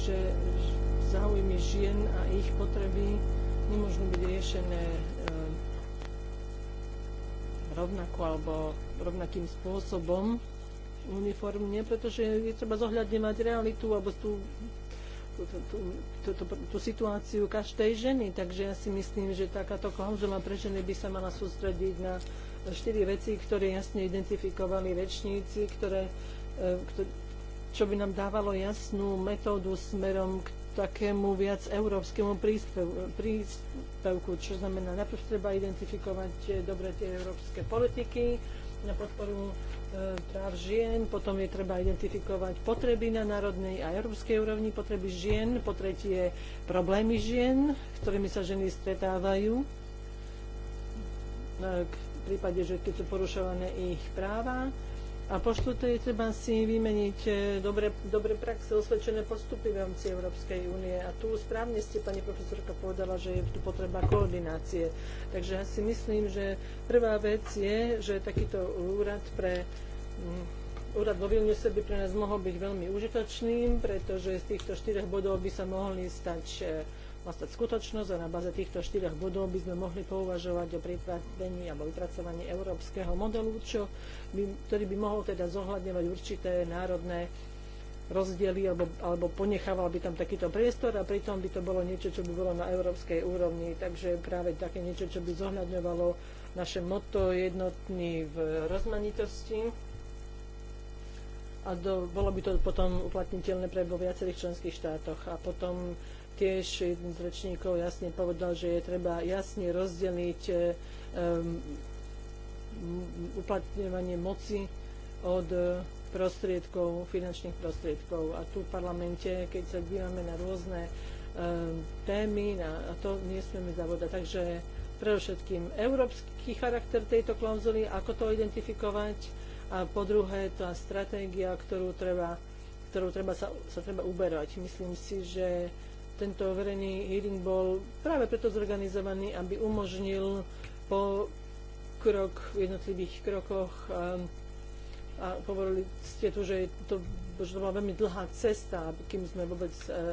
S3: že záujmy žien a ich potreby nemôžu byť riešené eh, rovnako alebo rovnakým spôsobom uniformne, pretože je treba zohľadňovať realitu alebo tú, tú, tú, tú, tú, tú situáciu každej ženy. Takže ja si myslím, že takáto klauzula pre ženy by sa mala sústrediť na štyri veci, ktoré jasne identifikovali rečníci, ktoré, eh, ktoré čo by nám dávalo jasnú metódu smerom k takému viac európskemu príspevku, čo znamená, najprv treba identifikovať eh, dobre tie európske politiky na podporu eh, práv žien, potom je treba identifikovať potreby na národnej a európskej úrovni, potreby žien, po tretie problémy žien, ktorými sa ženy stretávajú, eh, v prípade, že keď sú porušované ich práva, a po štvrté je treba si vymeniť e, dobre, praxe, osvedčené postupy v rámci Európskej únie. A tu správne ste, pani profesorka, povedala, že je tu potreba koordinácie. Takže ja si myslím, že prvá vec je, že takýto úrad pre mm, úrad vo Vilniuse by pre nás mohol byť veľmi užitočným, pretože z týchto štyroch bodov by sa mohli stať e, nastať skutočnosť a na báze týchto štyroch bodov by sme mohli pouvažovať o pripravení alebo vypracovaní európskeho modelu, čo by, ktorý by mohol teda zohľadňovať určité národné rozdiely alebo, alebo ponechával by tam takýto priestor a pritom by to bolo niečo, čo by bolo na európskej úrovni. Takže práve také niečo, čo by zohľadňovalo naše moto jednotný v rozmanitosti a do, bolo by to potom uplatniteľné pre vo viacerých členských štátoch. A potom tiež jeden z rečníkov jasne povedal, že je treba jasne rozdeliť um, uplatňovanie moci od eh, prostriedkov, finančných prostriedkov. A tu v parlamente, keď sa dívame na rôzne e, témy, na, a to nesmieme zavodať. Takže predovšetkým európsky charakter tejto klauzuly, ako to identifikovať, a po druhé tá stratégia, ktorú treba, treba sa, sa treba uberať. Myslím si, že tento verejný hearing bol práve preto zorganizovaný, aby umožnil po krok v jednotlivých krokoch a, a hovorili ste tu, že to, že to bola veľmi dlhá cesta, kým sme vôbec e,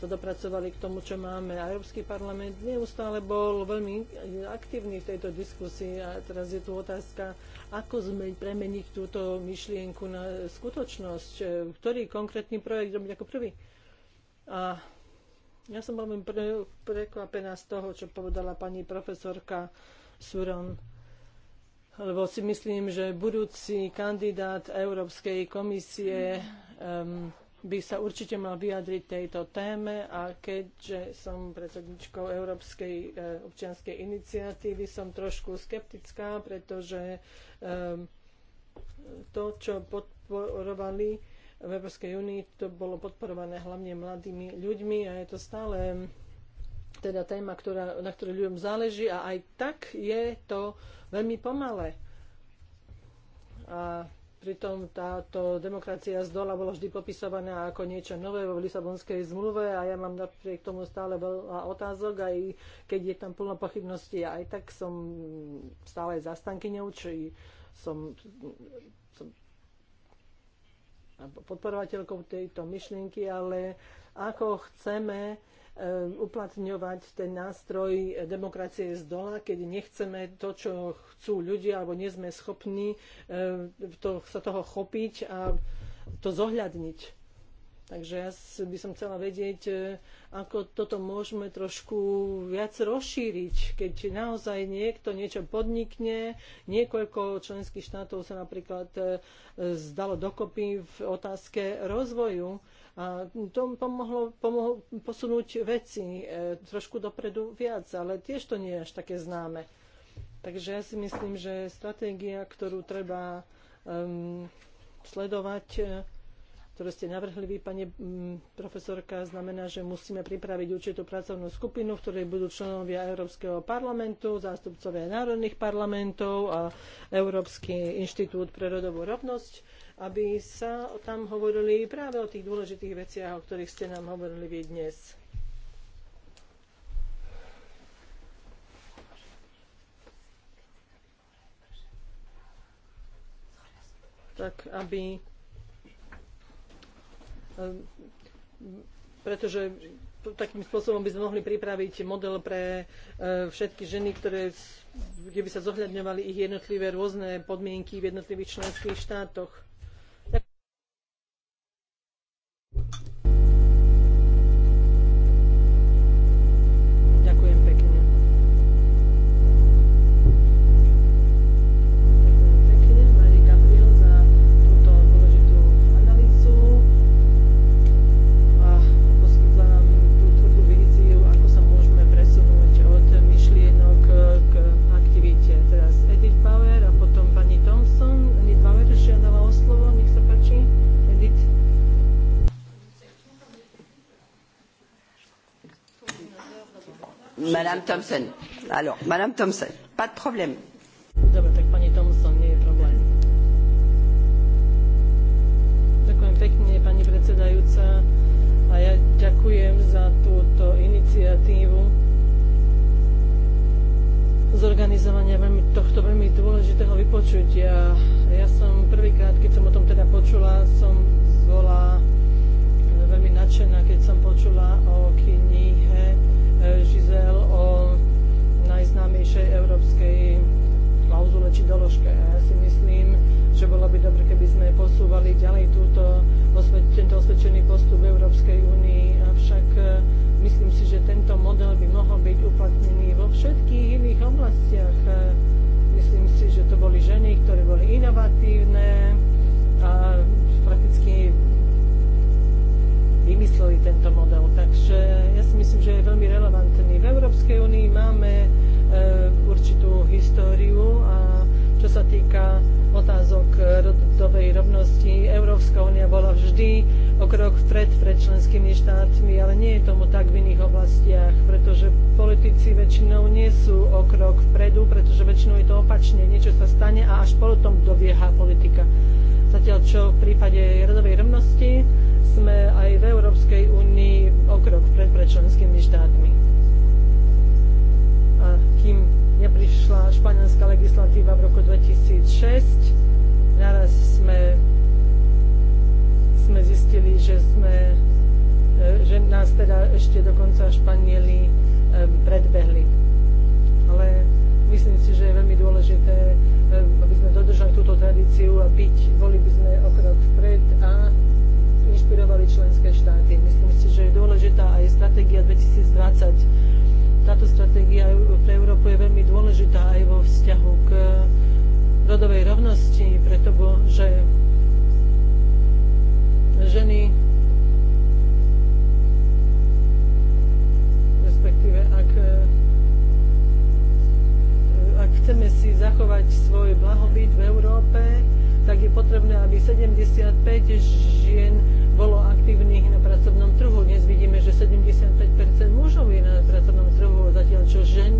S3: sa dopracovali k tomu, čo máme. A Európsky parlament neustále bol veľmi aktívny v tejto diskusii a teraz je tu otázka, ako sme premeniť túto myšlienku na skutočnosť, e, ktorý konkrétny projekt robiť ako prvý. A ja som veľmi pre, prekvapená z toho, čo povedala pani profesorka Suron, lebo si myslím, že budúci kandidát Európskej komisie um, by sa určite mal vyjadriť tejto téme a keďže som predsedničkou Európskej e, občianskej iniciatívy, som trošku skeptická, pretože e, to, čo podporovali v Európskej únii to bolo podporované hlavne mladými ľuďmi a je to stále mm, teda téma, ktorá, na ktorej ľuďom záleží a aj tak je to veľmi pomalé. A pritom táto demokracia z dola bola vždy popisovaná ako niečo nové vo Lisabonskej zmluve a ja mám napriek tomu stále veľa otázok, aj keď je tam plno pochybností. Aj tak som stále zastankyňou, či som, som podporovateľkou tejto myšlienky, ale ako chceme e, uplatňovať ten nástroj demokracie z dola, keď nechceme to, čo chcú ľudia, alebo nie sme schopní e, to, sa toho chopiť a to zohľadniť. Takže ja by som chcela vedieť, e, ako toto môžeme trošku viac rozšíriť, keď naozaj niekto niečo podnikne. Niekoľko členských štátov sa napríklad e, zdalo dokopy v otázke rozvoju a to pomohlo, pomohlo posunúť veci e, trošku dopredu viac, ale tiež to nie je až také známe. Takže ja si myslím, že stratégia, ktorú treba um, sledovať, ktoré ste navrhli vy, pani mm, profesorka, znamená, že musíme pripraviť určitú pracovnú skupinu, v ktorej budú členovia Európskeho parlamentu, zástupcovia národných parlamentov a Európsky inštitút pre rodovú rovnosť, aby sa tam hovorili práve o tých dôležitých veciach, o ktorých ste nám hovorili vy dnes. tak aby Ehm, pretože takým spôsobom by sme mohli pripraviť model pre e, všetky ženy, ktoré, kde by sa zohľadňovali ich jednotlivé rôzne podmienky v jednotlivých členských štátoch. Madame Thompson.
S1: Alors, Madame Thompson, pas de problème.
S3: Dobre, tak pani Thompson, nie je problém. Ďakujem pekne, pani predsedajúca. A ja ďakujem za túto iniciatívu zorganizovania veľmi, tohto veľmi dôležitého vypočutia. Ja som prvýkrát, keď som o tom teda počula, som bola e, veľmi nadšená, keď som počula o knihe E, Žizel o najznámejšej európskej klauzule či doložke. Ja si myslím, že bolo by dobre, keby sme posúvali ďalej túto, tento osvedčený postup v Európskej únii, avšak e, myslím si, že tento model by mohol byť uplatnený vo všetkých iných oblastiach. E, myslím si, že to boli ženy, ktoré boli inovatívne a prakticky vymysleli tento model. Takže ja si myslím, že je veľmi relevantný. V Európskej únii máme e, určitú históriu a čo sa týka otázok e, rodovej rovnosti, Európska únia bola vždy o krok vpred pred členskými štátmi, ale nie je tomu tak v iných oblastiach, pretože politici väčšinou nie sú o krok vpredu, pretože väčšinou je to opačne, niečo sa stane a až potom dobieha politika. Zatiaľ čo v prípade rodovej rovnosti sme aj v Európskej únii okrok pred, pred členskými štátmi. A kým neprišla španielská legislatíva v roku 2006, naraz sme, sme zistili, že, sme, e, že nás teda ešte dokonca Španieli e, predbehli. Ale myslím si, že je veľmi dôležité, e, aby sme dodržali túto tradíciu a byť, boli by sme o krok vpred a inšpirovali členské štáty. Myslím si, že je dôležitá aj stratégia 2020. Táto stratégia pre Európu je veľmi dôležitá aj vo vzťahu k rodovej rovnosti, pretože ženy respektíve ak ak chceme si zachovať svoj blahobyt v Európe, tak je potrebné, aby 75 žien bolo aktívnych na pracovnom trhu. Dnes vidíme, že 75 mužov je na pracovnom trhu, zatiaľ čo žen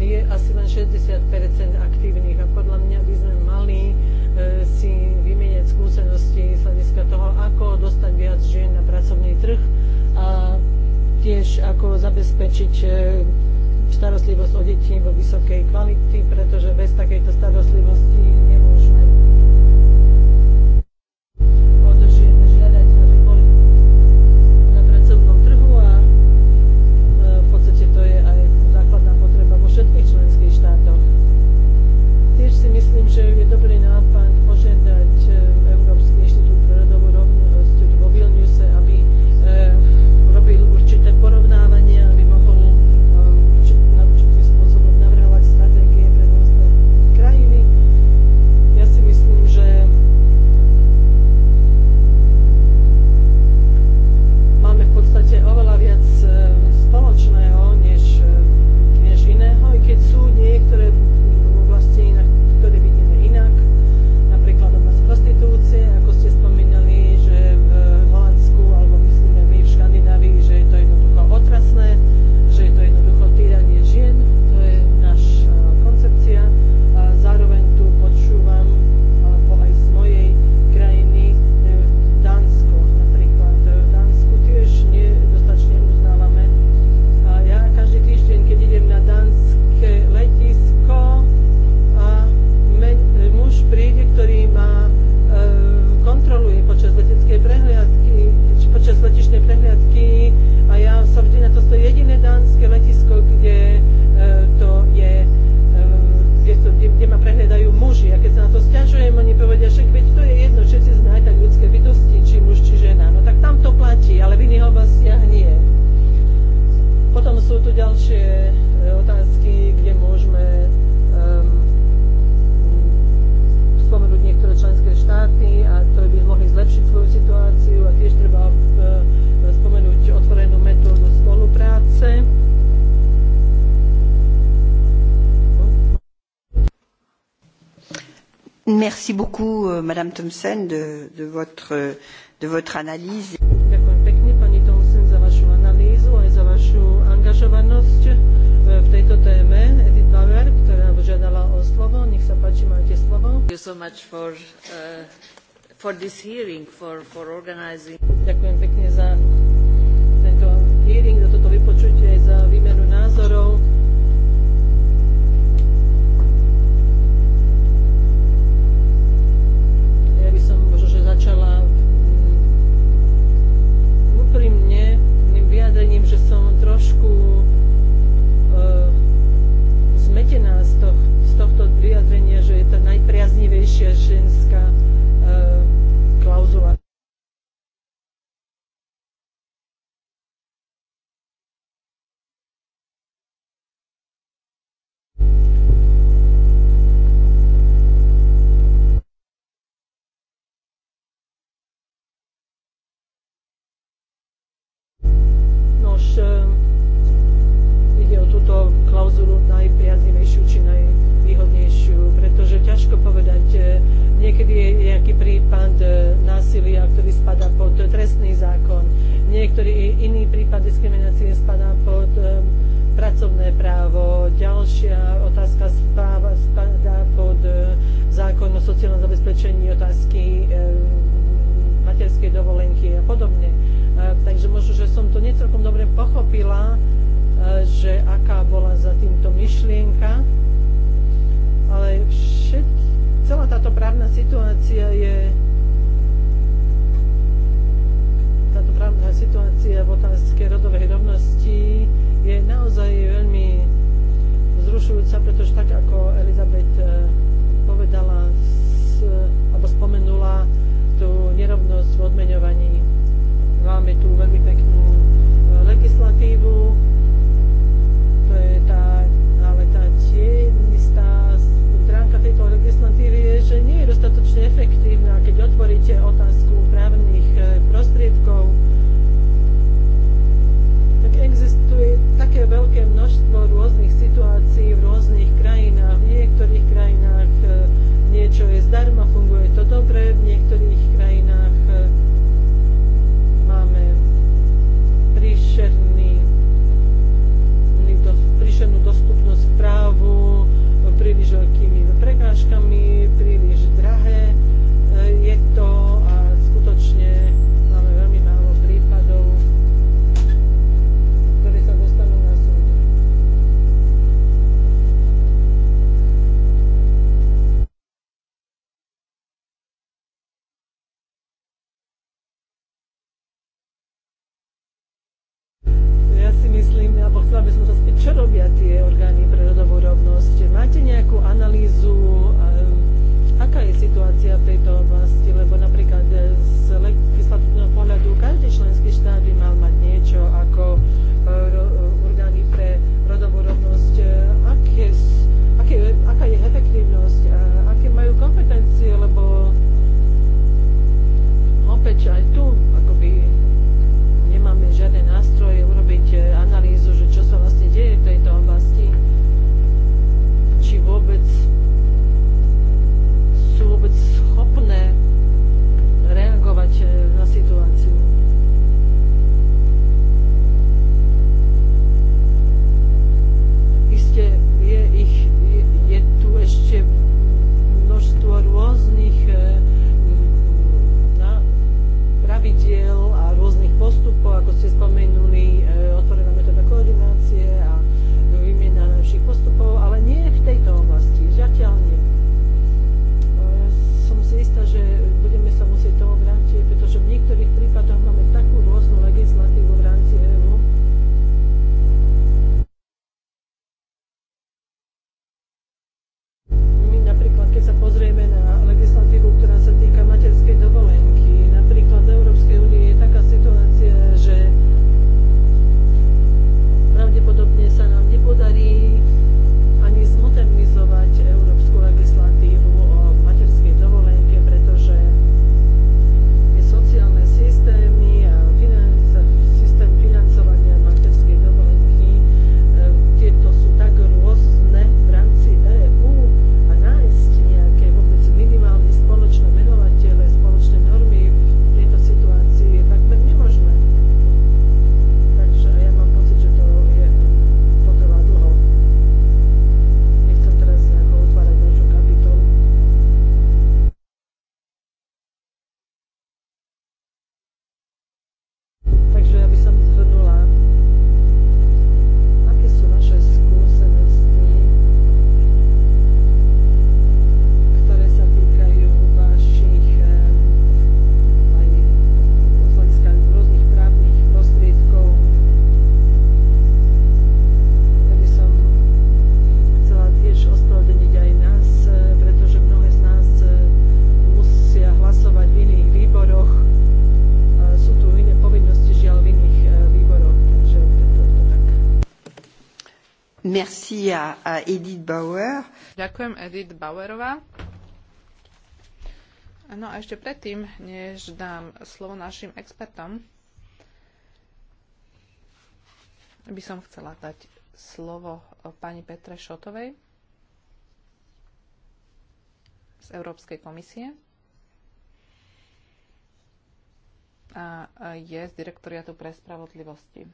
S3: je asi len 60 aktívnych. A podľa mňa by sme mali e, si vymieňať skúsenosti z hľadiska toho, ako dostať viac žien na pracovný trh a tiež ako zabezpečiť e, starostlivosť o deti vo vysokej kvality, pretože bez takejto starostlivosti nemôžeme Merci beaucoup, euh, Madame Thompson, de, de, votre, de votre analyse. Ďakujem pekne, pani Thompson, za vašu analýzu aj za vašu angažovanosť e, v tejto téme. Edith Bauer, ktorá požiadala o slovo. Nech sa páči, máte slovo. Thank you so much for, uh, for this hearing, for, for organizing. Ďakujem pekne za tento hearing, za toto vypočutie, za výmenu názorov
S1: Edith Bauer. Ďakujem Edith Bauerová. No a ešte predtým, než dám slovo našim expertom, by som chcela dať slovo pani Petre Šotovej z Európskej komisie. A je z direktoriatu pre spravodlivosti.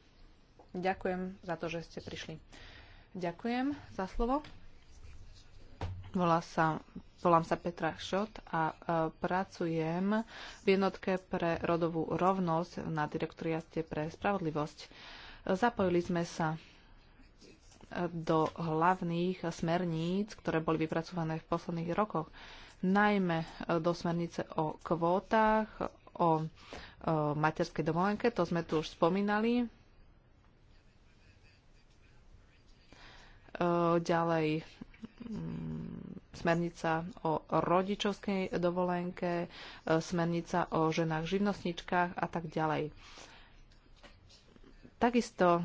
S1: Ďakujem za to, že ste prišli. Ďakujem za slovo. Volá sa, volám sa Petra Šot a e, pracujem v jednotke pre rodovú rovnosť na direktoriate pre spravodlivosť. Zapojili sme sa e, do hlavných smerníc, ktoré boli vypracované v posledných rokoch, najmä e, do smernice o kvótach, o, o materskej dovolenke, to sme tu už spomínali, Eh, ďalej mm, smernica o rodičovskej dovolenke, eh, smernica o ženách živnostničkách a tak ďalej. Takisto eh,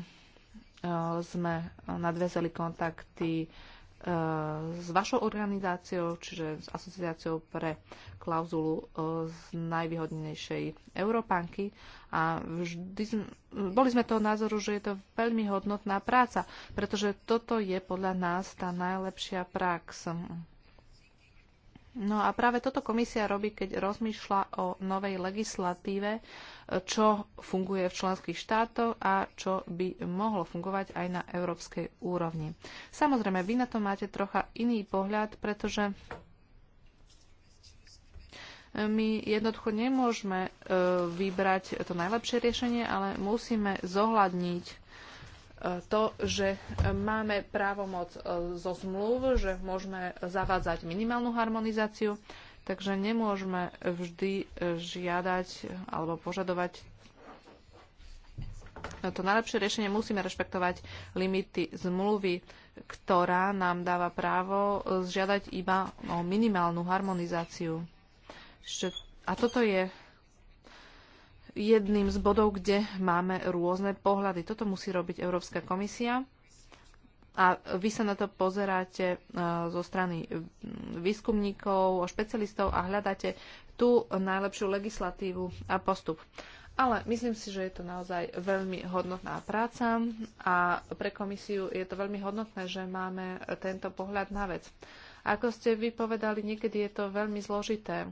S1: sme nadvezali kontakty s vašou organizáciou, čiže s asociáciou pre klauzulu e, z najvýhodnejšej Európanky a vždy boli sme toho názoru, že je to veľmi hodnotná práca, pretože toto je podľa nás tá najlepšia prax. No a práve toto komisia robí, keď rozmýšľa o novej legislatíve, čo funguje v členských štátoch a čo by mohlo fungovať aj na európskej úrovni. Samozrejme, vy na to máte trocha iný pohľad, pretože my jednoducho nemôžeme e, vybrať to najlepšie riešenie, ale musíme zohľadniť to, že máme právomoc e, zo zmluv, že môžeme zavádzať minimálnu harmonizáciu, takže nemôžeme vždy e, žiadať alebo požadovať to najlepšie riešenie musíme rešpektovať limity zmluvy, ktorá nám dáva právo žiadať iba o minimálnu harmonizáciu. A toto je jedným z bodov, kde máme rôzne pohľady. Toto musí robiť Európska komisia a vy sa na to pozeráte e, zo strany výskumníkov, špecialistov a hľadáte tú najlepšiu legislatívu a postup. Ale myslím si, že je to naozaj veľmi hodnotná práca a pre komisiu je to veľmi hodnotné, že máme tento pohľad na vec. Ako ste vypovedali, niekedy je to veľmi zložité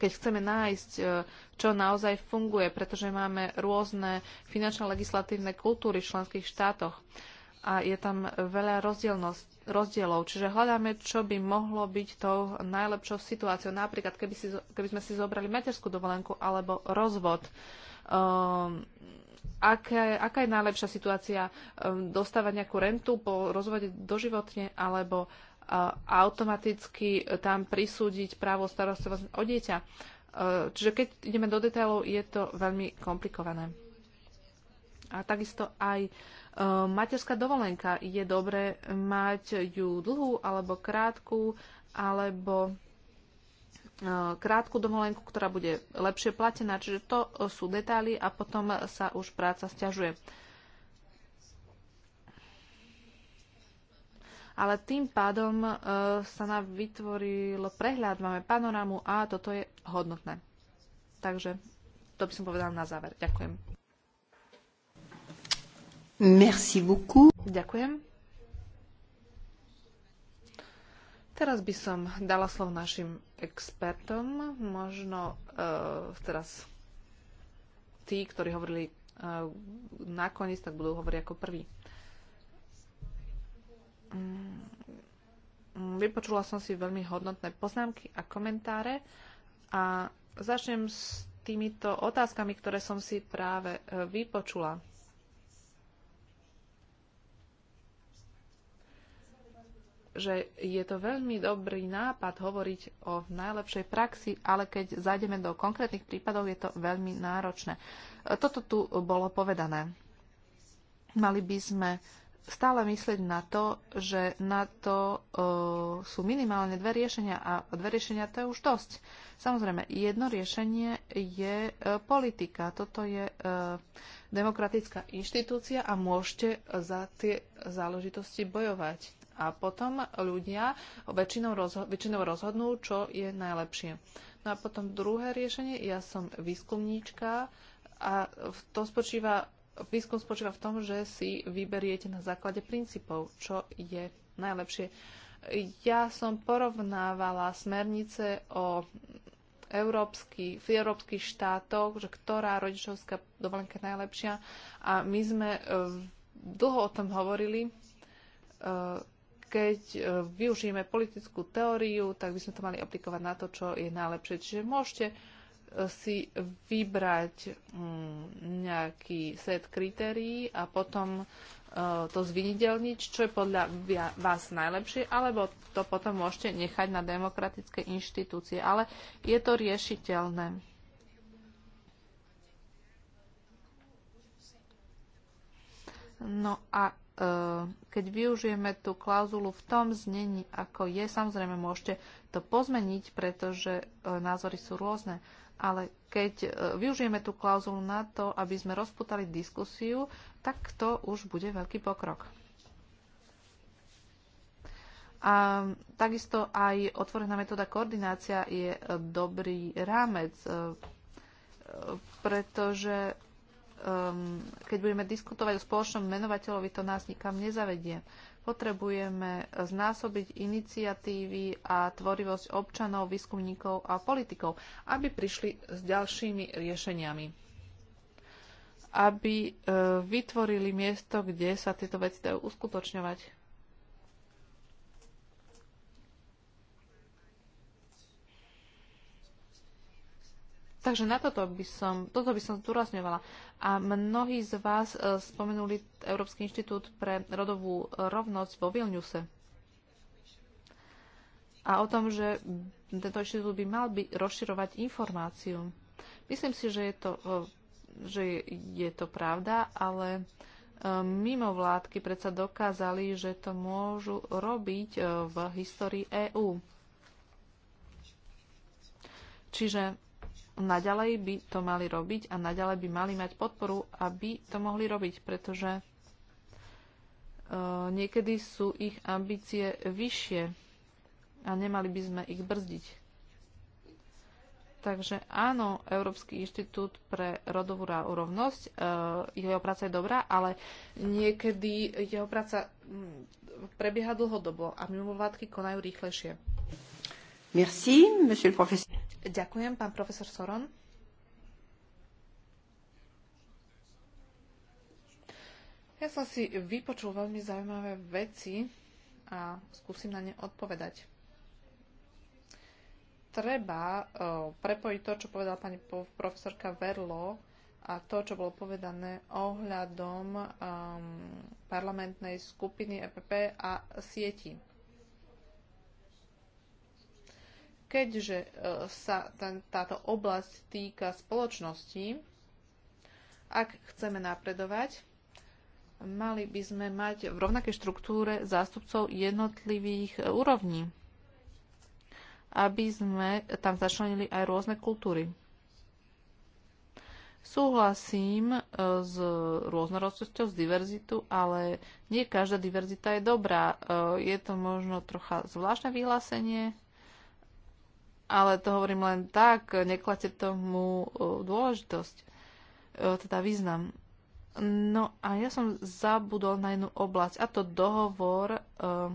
S1: keď chceme nájsť, e, čo naozaj funguje, pretože máme rôzne finančné legislatívne kultúry v členských štátoch a je tam veľa rozdielov. Čiže hľadáme, čo by mohlo byť tou najlepšou situáciou. Napríklad, keby, si, keby sme si zobrali materskú dovolenku alebo rozvod. Um, aké, aká je najlepšia situácia? Um, dostávať nejakú rentu po rozvode doživotne alebo uh, automaticky tam prisúdiť právo starostlivosť o dieťa. E, čiže keď ideme do detailov, je to veľmi komplikované. A takisto aj e, materská dovolenka. Je dobré mať ju dlhú alebo krátku, alebo e, krátku dovolenku, ktorá bude lepšie platená. Čiže to sú detaily a potom sa už práca stiažuje. ale tým pádom e, sa nám vytvoril prehľad, máme panorámu a toto je hodnotné. Takže to by som povedala na záver. Ďakujem. Merci beaucoup. Ďakujem. Teraz by som dala slovo našim expertom, možno uh, e, teraz tí, ktorí hovorili uh, e, nakoniec, tak budú hovoriť ako prví. Mm, vypočula som si veľmi hodnotné poznámky a komentáre a začnem s týmito otázkami, ktoré som si práve e, vypočula. že je to veľmi dobrý nápad hovoriť o najlepšej praxi, ale keď zájdeme do konkrétnych prípadov, je to veľmi náročné. E, toto tu bolo povedané. Mali by sme stále myslieť na to, že na to e, sú minimálne dve riešenia a dve riešenia to je už dosť. Samozrejme, jedno riešenie je e, politika. Toto je e, demokratická inštitúcia a môžete za tie záležitosti bojovať. A potom ľudia väčšinou, rozho- väčšinou rozhodnú, čo je najlepšie. No a potom druhé riešenie, ja som výskumníčka a to spočíva Výskum spočíva v tom, že si vyberiete na základe princípov, čo je najlepšie. Ja som porovnávala smernice o európsky, v európskych štátoch, že ktorá rodičovská dovolenka je najlepšia. A my sme e, dlho o tom hovorili. E, keď e, využijeme politickú teóriu, tak by sme to mali aplikovať na to, čo je najlepšie. Čiže môžete si vybrať mm, nejaký set kritérií a potom e, to zviditeľniť, čo je podľa vás najlepšie, alebo to potom môžete nechať na demokratické inštitúcie. Ale je to riešiteľné. No a e, keď využijeme tú klauzulu v tom znení, ako je, samozrejme môžete to pozmeniť, pretože e, názory sú rôzne ale keď e, využijeme tú klauzulu na to, aby sme rozputali diskusiu, tak to už bude veľký pokrok. A takisto aj otvorená metóda koordinácia je e, dobrý rámec, e, pretože keď budeme diskutovať o spoločnom menovateľovi, to nás nikam nezavedie. Potrebujeme znásobiť iniciatívy a tvorivosť občanov, výskumníkov a politikov, aby prišli s ďalšími riešeniami aby e, vytvorili miesto, kde sa tieto veci dajú uskutočňovať. Takže na toto by som, toto by som zdôrazňovala. A mnohí z vás e, spomenuli Európsky inštitút pre rodovú rovnosť vo Vilniuse. A o tom, že tento inštitút by mal by rozširovať informáciu. Myslím si, že je to, e, že je, to pravda, ale e, mimo vládky predsa dokázali, že to môžu robiť v histórii EÚ. Čiže naďalej by to mali robiť a naďalej by mali mať podporu, aby to mohli robiť, pretože e, niekedy sú ich ambície vyššie a nemali by sme ich brzdiť. Takže áno, Európsky inštitút pre rodovú rovnosť, e, jeho práca je dobrá, ale niekedy jeho práca prebieha dlhodobo a mimovládky konajú rýchlejšie. Ďakujem, pán profesor Soron. Ja som si vypočul veľmi zaujímavé veci a skúsim na ne odpovedať. Treba uh, prepojiť to, čo povedala pani profesorka Verlo a to, čo bolo povedané ohľadom um, parlamentnej skupiny EPP a sieti keďže e, sa ten, táto oblasť týka spoločnosti, ak chceme napredovať, mali by sme mať v rovnakej štruktúre zástupcov jednotlivých e, úrovní, aby sme tam začlenili aj rôzne kultúry. Súhlasím e, s rôznorodosťou, s diverzitu, ale nie každá diverzita je dobrá. Je to možno trocha zvláštne vyhlásenie, ale to hovorím len tak, neklate tomu e, dôležitosť, e, teda význam. No a ja som zabudol na jednu oblasť, a to dohovor uh,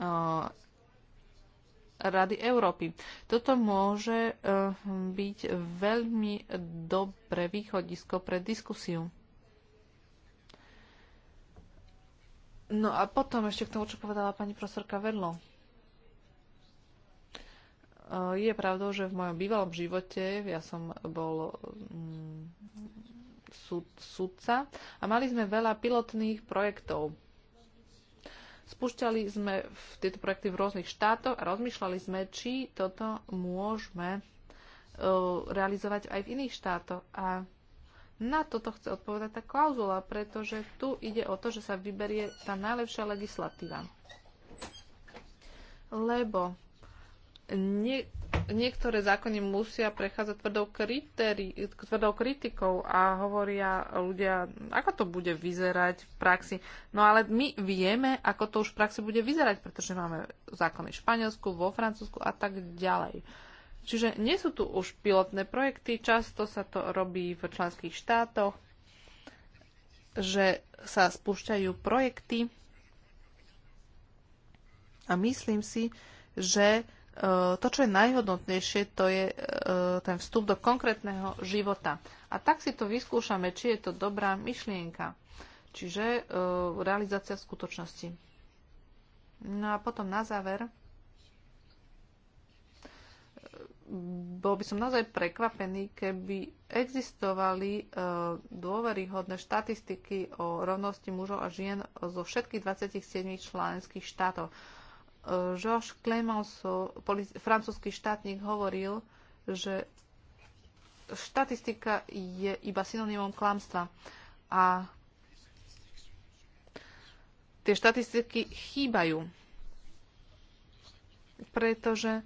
S1: uh, Rady Európy. Toto môže uh, byť veľmi dobré východisko pre diskusiu. No a potom ešte k tomu, čo povedala pani profesorka Vedlo Eh, je pravdou, že v mojom bývalom živote ja som bol mm, sud, sudca a mali sme veľa pilotných projektov. Spúšťali sme v tieto projekty v rôznych štátoch a rozmýšľali sme, či toto môžeme eh, realizovať aj v iných štátoch. A na toto chce odpovedať tá klauzula, pretože tu ide o to, že sa vyberie tá najlepšia legislatíva. Lebo nie, niektoré zákony musia prechádzať tvrdou, kritéri, tvrdou kritikou a hovoria ľudia, ako to bude vyzerať v praxi. No ale my vieme, ako to už v praxi bude vyzerať, pretože máme zákony v Španielsku, vo Francúzsku a tak ďalej. Čiže nie sú tu už pilotné projekty, často sa to robí v členských štátoch, že sa spúšťajú projekty a myslím si, že E, to, čo je najhodnotnejšie, to je e, ten vstup do konkrétneho života. A tak si to vyskúšame, či je to dobrá myšlienka, čiže e, realizácia skutočnosti. No a potom na záver, bol by som naozaj prekvapený, keby existovali dôveryhodné štatistiky o rovnosti mužov a žien zo všetkých 27 členských štátov. Georges Clemenceau, francúzsky štátnik, hovoril, že štatistika je iba synonymom klamstva. A tie štatistiky chýbajú, pretože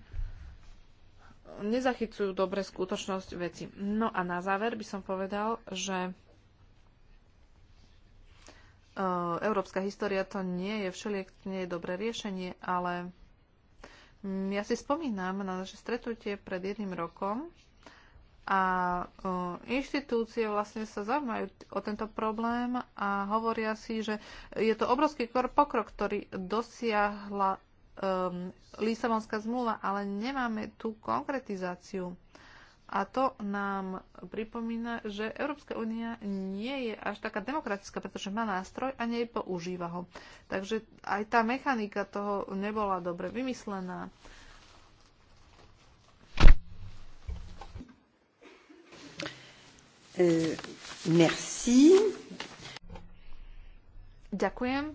S1: nezachycujú dobre skutočnosť veci. No a na záver by som povedal, že E, európska história to nie je všeliek, nie je dobré riešenie, ale mm, ja si spomínam na naše stretnutie pred jedným rokom a e, inštitúcie vlastne sa zaujímajú o tento problém a hovoria si, že je to obrovský pokrok, ktorý dosiahla e, Lisabonská zmluva, ale nemáme tú konkretizáciu. A to nám pripomína, že Európska únia nie je až taká demokratická, pretože má nástroj a nie používa ho. Takže aj tá mechanika toho nebola dobre vymyslená. Uh, merci. Ďakujem.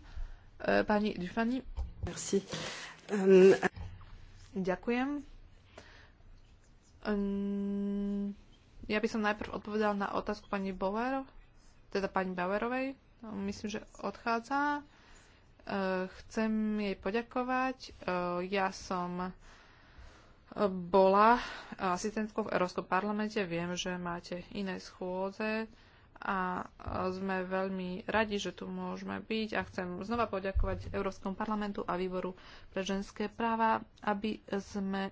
S1: E, pani Dufani. Merci. Um, Ďakujem Ehm, ja by som najprv odpovedala na otázku pani Bauer, teda pani Bauerovej. No, myslím, že odchádza. Ehm, chcem jej poďakovať. Ehm, ja som bola asistentkou v Európskom parlamente. Viem, že máte iné schôdze a sme veľmi radi, že tu môžeme byť a chcem znova poďakovať Európskom parlamentu a výboru pre ženské práva, aby sme e,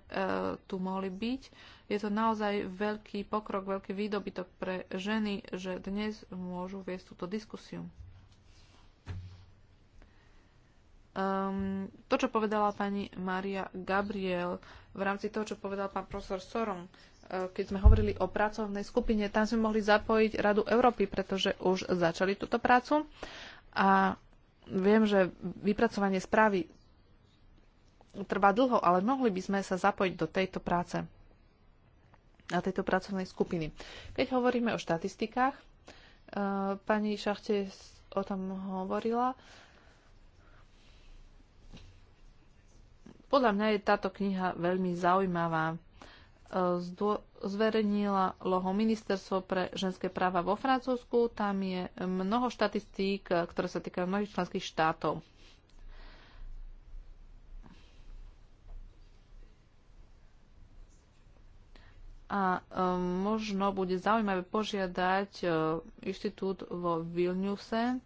S1: tu mohli byť. Je to naozaj veľký pokrok, veľký výdobytok pre ženy, že dnes môžu viesť túto diskusiu. Um, to, čo povedala pani Maria Gabriel v rámci toho, čo povedal pán profesor Sorom, keď sme hovorili o pracovnej skupine, tam sme mohli zapojiť Radu Európy, pretože už začali túto prácu. A viem, že vypracovanie správy trvá dlho, ale mohli by sme sa zapojiť do tejto práce, na tejto pracovnej skupiny. Keď hovoríme o štatistikách, e, pani Šachte o tom hovorila, podľa mňa je táto kniha veľmi zaujímavá zverejnila loho Ministerstvo pre ženské práva vo Francúzsku. Tam je mnoho štatistík, eh, ktoré sa týkajú mnohých členských štátov. A eh, možno bude zaujímavé požiadať eh, inštitút vo Vilniuse,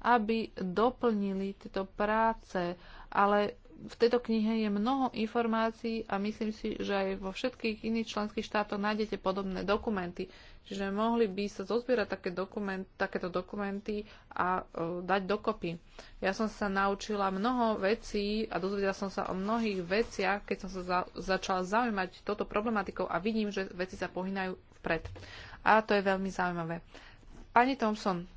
S1: aby doplnili tieto práce, ale v tejto knihe je mnoho informácií a myslím si, že aj vo všetkých iných členských štátoch nájdete podobné dokumenty. Čiže mohli by sa zozbierať také dokument, takéto dokumenty a uh, dať dokopy. Ja som sa naučila mnoho vecí a dozvedela som sa o mnohých veciach, keď som sa za, začala zaujímať toto problematikou a vidím, že veci sa pohynajú vpred. A to je veľmi zaujímavé. Pani Thompson,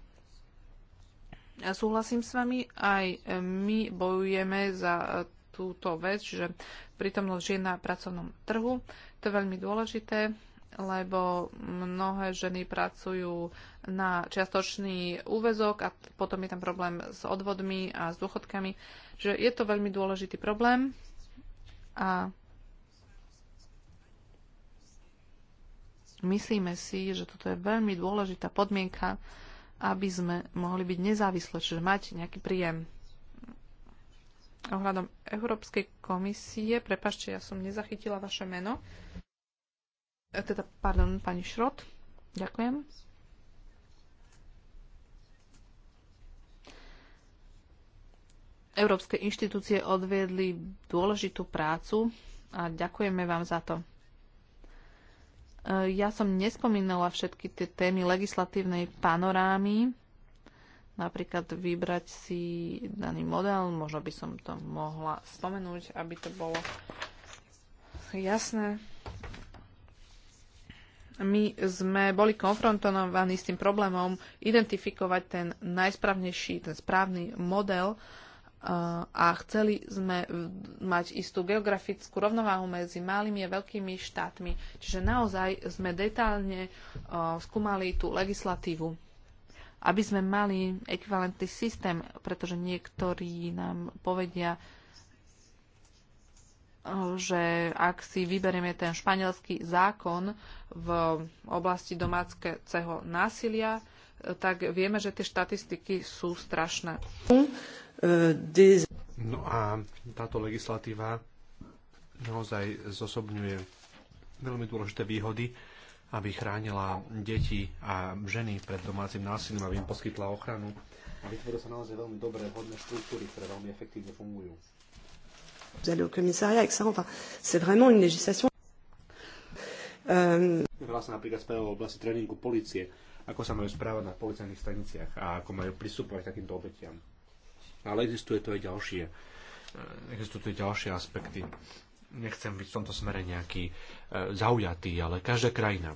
S1: Súhlasím s vami, aj my bojujeme za e, túto vec, že prítomnosť žien na pracovnom trhu. To je veľmi dôležité, lebo mnohé ženy pracujú na čiastočný úvezok a potom je tam problém s odvodmi a s dôchodkami. že je to veľmi dôležitý problém a myslíme si, že toto je veľmi dôležitá podmienka aby sme mohli byť nezávislé, čiže mať nejaký príjem. Ohľadom Európskej komisie, prepašte, ja som nezachytila vaše meno. E, teda, pardon, pani Šrot. Ďakujem. Európske inštitúcie odviedli dôležitú prácu a ďakujeme vám za to. E, ja som nespomínala všetky tie témy legislatívnej panorámy, napríklad vybrať si daný model, možno by som to mohla spomenúť, aby to bolo jasné. My sme boli konfrontovaní s tým problémom identifikovať ten najsprávnejší, ten správny model, uh, Eh, a chceli sme eh, mať istú geografickú rovnováhu medzi malými a veľkými štátmi. Čiže naozaj sme detálne eh, skúmali tú legislatívu, aby sme mali ekvivalentný systém, pretože niektorí nám povedia, že ak si vyberieme ten španielský zákon v oblasti domáceho násilia, tak vieme, že tie štatistiky sú strašné. Mm
S3: des...
S2: No a táto legislatíva naozaj zosobňuje veľmi dôležité výhody, aby chránila deti a ženy pred domácim násilím, aby im poskytla ochranu. A vytvorili sa naozaj veľmi dobré, hodné štruktúry, ktoré veľmi efektívne fungujú.
S3: Vous allez au commissariat avec ça, enfin, c'est vraiment une législation. Ehm.
S2: sa napríklad spravilo v oblasti tréningu policie, ako sa majú správať na policajných staniciach a ako majú pristupovať k takýmto obetiam ale existuje to aj ďalšie. E, existujú ďalšie aspekty. Nechcem byť v tomto smere nejaký e, zaujatý, ale každá krajina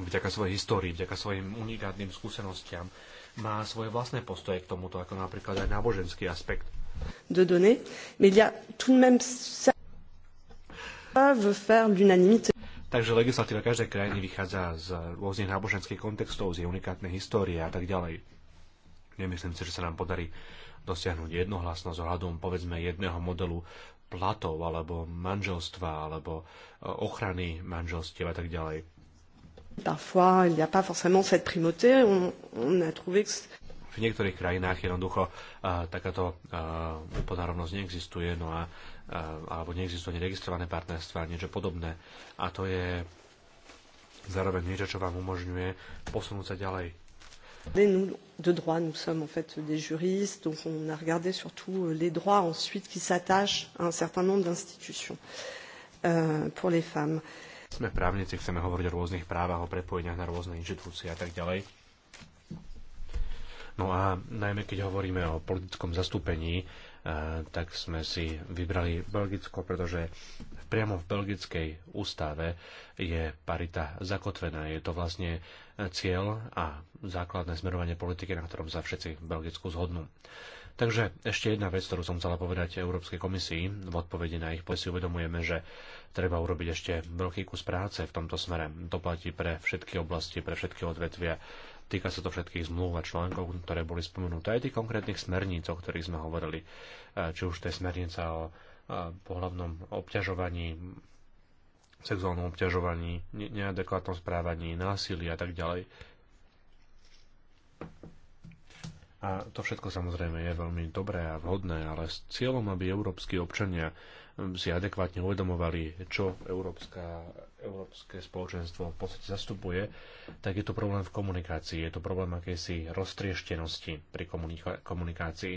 S2: vďaka svojej histórii, vďaka svojim unikátnym skúsenostiam má svoje vlastné postoje k tomuto, ako napríklad aj náboženský aspekt.
S3: De données, mais il y a tout de même ça peuvent faire l'unanimité.
S2: Takže legislatíva každej krajiny vychádza z rôznych náboženských kontextov, z jej unikátnej histórie a tak ďalej. Nemyslím si, že sa nám podarí dosiahnuť jednohlasnosť ohľadom povedzme jedného modelu platov alebo manželstva alebo eh, ochrany manželstiev a tak ďalej.
S3: Parfois, il n'y a pas forcément cette primauté. On, on a trouvé que
S2: v niektorých krajinách jednoducho uh, takáto uh, eh, úplná neexistuje, no a, uh, alebo neexistuje neregistrované partnerstva, niečo podobné. A to je zároveň niečo, čo vám umožňuje posunúť sa ďalej
S3: Mais nous, de droit, nous sommes en fait des juristes, donc on a regardé surtout euh, les droits ensuite qui s'attachent à un certain nombre d'institutions
S1: euh, pour les femmes.
S2: Sme právnici, chceme hovoriť o rôznych právach, o prepojeniach na rôzne inštitúcie a tak ďalej. No a najmä keď hovoríme o politickom zastúpení, eh, tak sme si vybrali Belgicko, pretože eh, priamo v belgickej ústave je parita zakotvená. Je to vlastne cieľ a základné smerovanie politiky, na ktorom sa všetci v Belgicku zhodnú. Takže ešte jedna vec, ktorú som chcela povedať Európskej komisii v odpovedi na ich si uvedomujeme, že treba urobiť ešte veľký kus práce v tomto smere. To platí pre všetky oblasti, pre všetky odvetvia. Týka sa to všetkých zmluv a článkov, ktoré boli spomenuté, aj tých konkrétnych smerníc, o ktorých sme hovorili. Či už to je smernica o pohľavnom obťažovaní, sexuálnom obťažovaní, neadekvátnom správaní, násilí a tak ďalej. A to všetko samozrejme je veľmi dobré a vhodné, ale s cieľom, aby európsky občania hm, si adekvátne uvedomovali, čo európska, európske spoločenstvo v podstate zastupuje, tak je to problém v komunikácii, je to problém akejsi roztrieštenosti pri komunikácii.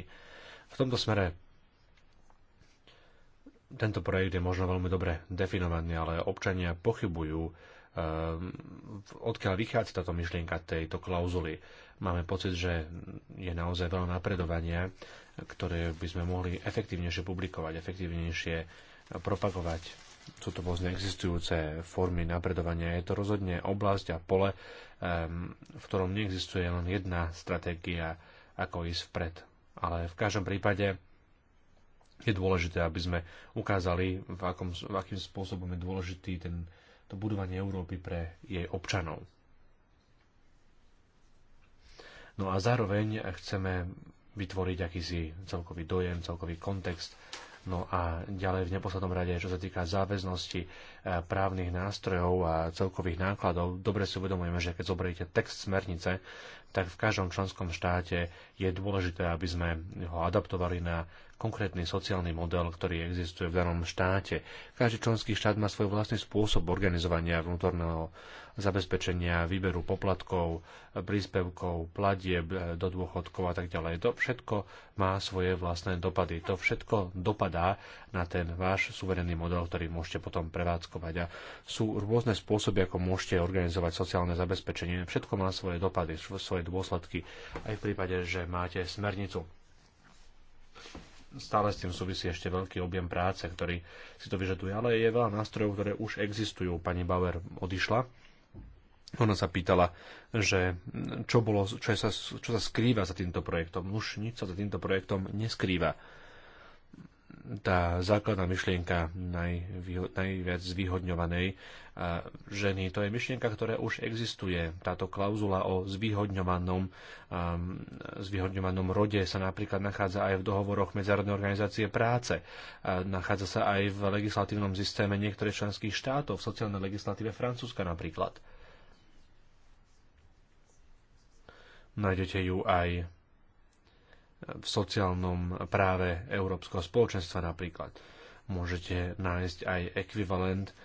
S2: V tomto smere tento projekt je možno veľmi dobre definovaný, ale občania pochybujú, ehm, odkiaľ vychádza táto myšlienka tejto klauzuly. Máme pocit, že je naozaj veľa napredovania, ktoré by sme mohli efektívnejšie publikovať, efektívnejšie propagovať sú to vôzne existujúce formy napredovania. Je to rozhodne oblasť a pole, ehm, v ktorom neexistuje len jedna stratégia, ako ísť vpred. Ale v každom prípade je dôležité, aby sme ukázali, v, akom, v akým spôsobom je dôležitý ten, to budovanie Európy pre jej občanov. No a zároveň chceme vytvoriť akýsi celkový dojem, celkový kontext. No a ďalej v neposlednom rade, čo sa týka záväznosti eh, právnych nástrojov a celkových nákladov, dobre si uvedomujeme, že keď zoberiete text smernice, tak v každom členskom štáte je dôležité, aby sme ho adaptovali na konkrétny sociálny model, ktorý existuje v danom štáte. Každý členský štát má svoj vlastný spôsob organizovania vnútorného zabezpečenia, výberu poplatkov, príspevkov, platieb e, do dôchodkov a tak ďalej. To všetko má svoje vlastné dopady. To všetko dopadá na ten váš suverénny model, ktorý môžete potom prevádzkovať. A sú rôzne spôsoby, ako môžete organizovať sociálne zabezpečenie. Všetko má svoje dopady, svoje dôsledky, aj v prípade, že máte smernicu stále s tým súvisí ešte veľký objem práce, ktorý si to vyžaduje, ale je veľa nástrojov, ktoré už existujú. Pani Bauer odišla. Ona sa pýtala, že čo, bolo, čo, sa, čo sa skrýva za týmto projektom. Už nič sa za týmto projektom neskrýva tá základná myšlienka najviac zvýhodňovanej ženy. To je myšlienka, ktorá už existuje. Táto klauzula o zvýhodňovanom, zvýhodňovanom rode sa napríklad nachádza aj v dohovoroch Medzárodnej organizácie práce. Nachádza sa aj v legislatívnom systéme niektorých členských štátov, v sociálnej legislatíve Francúzska napríklad. Nájdete ju aj v sociálnom práve Európskeho spoločenstva napríklad. Môžete nájsť aj ekvivalent, eh,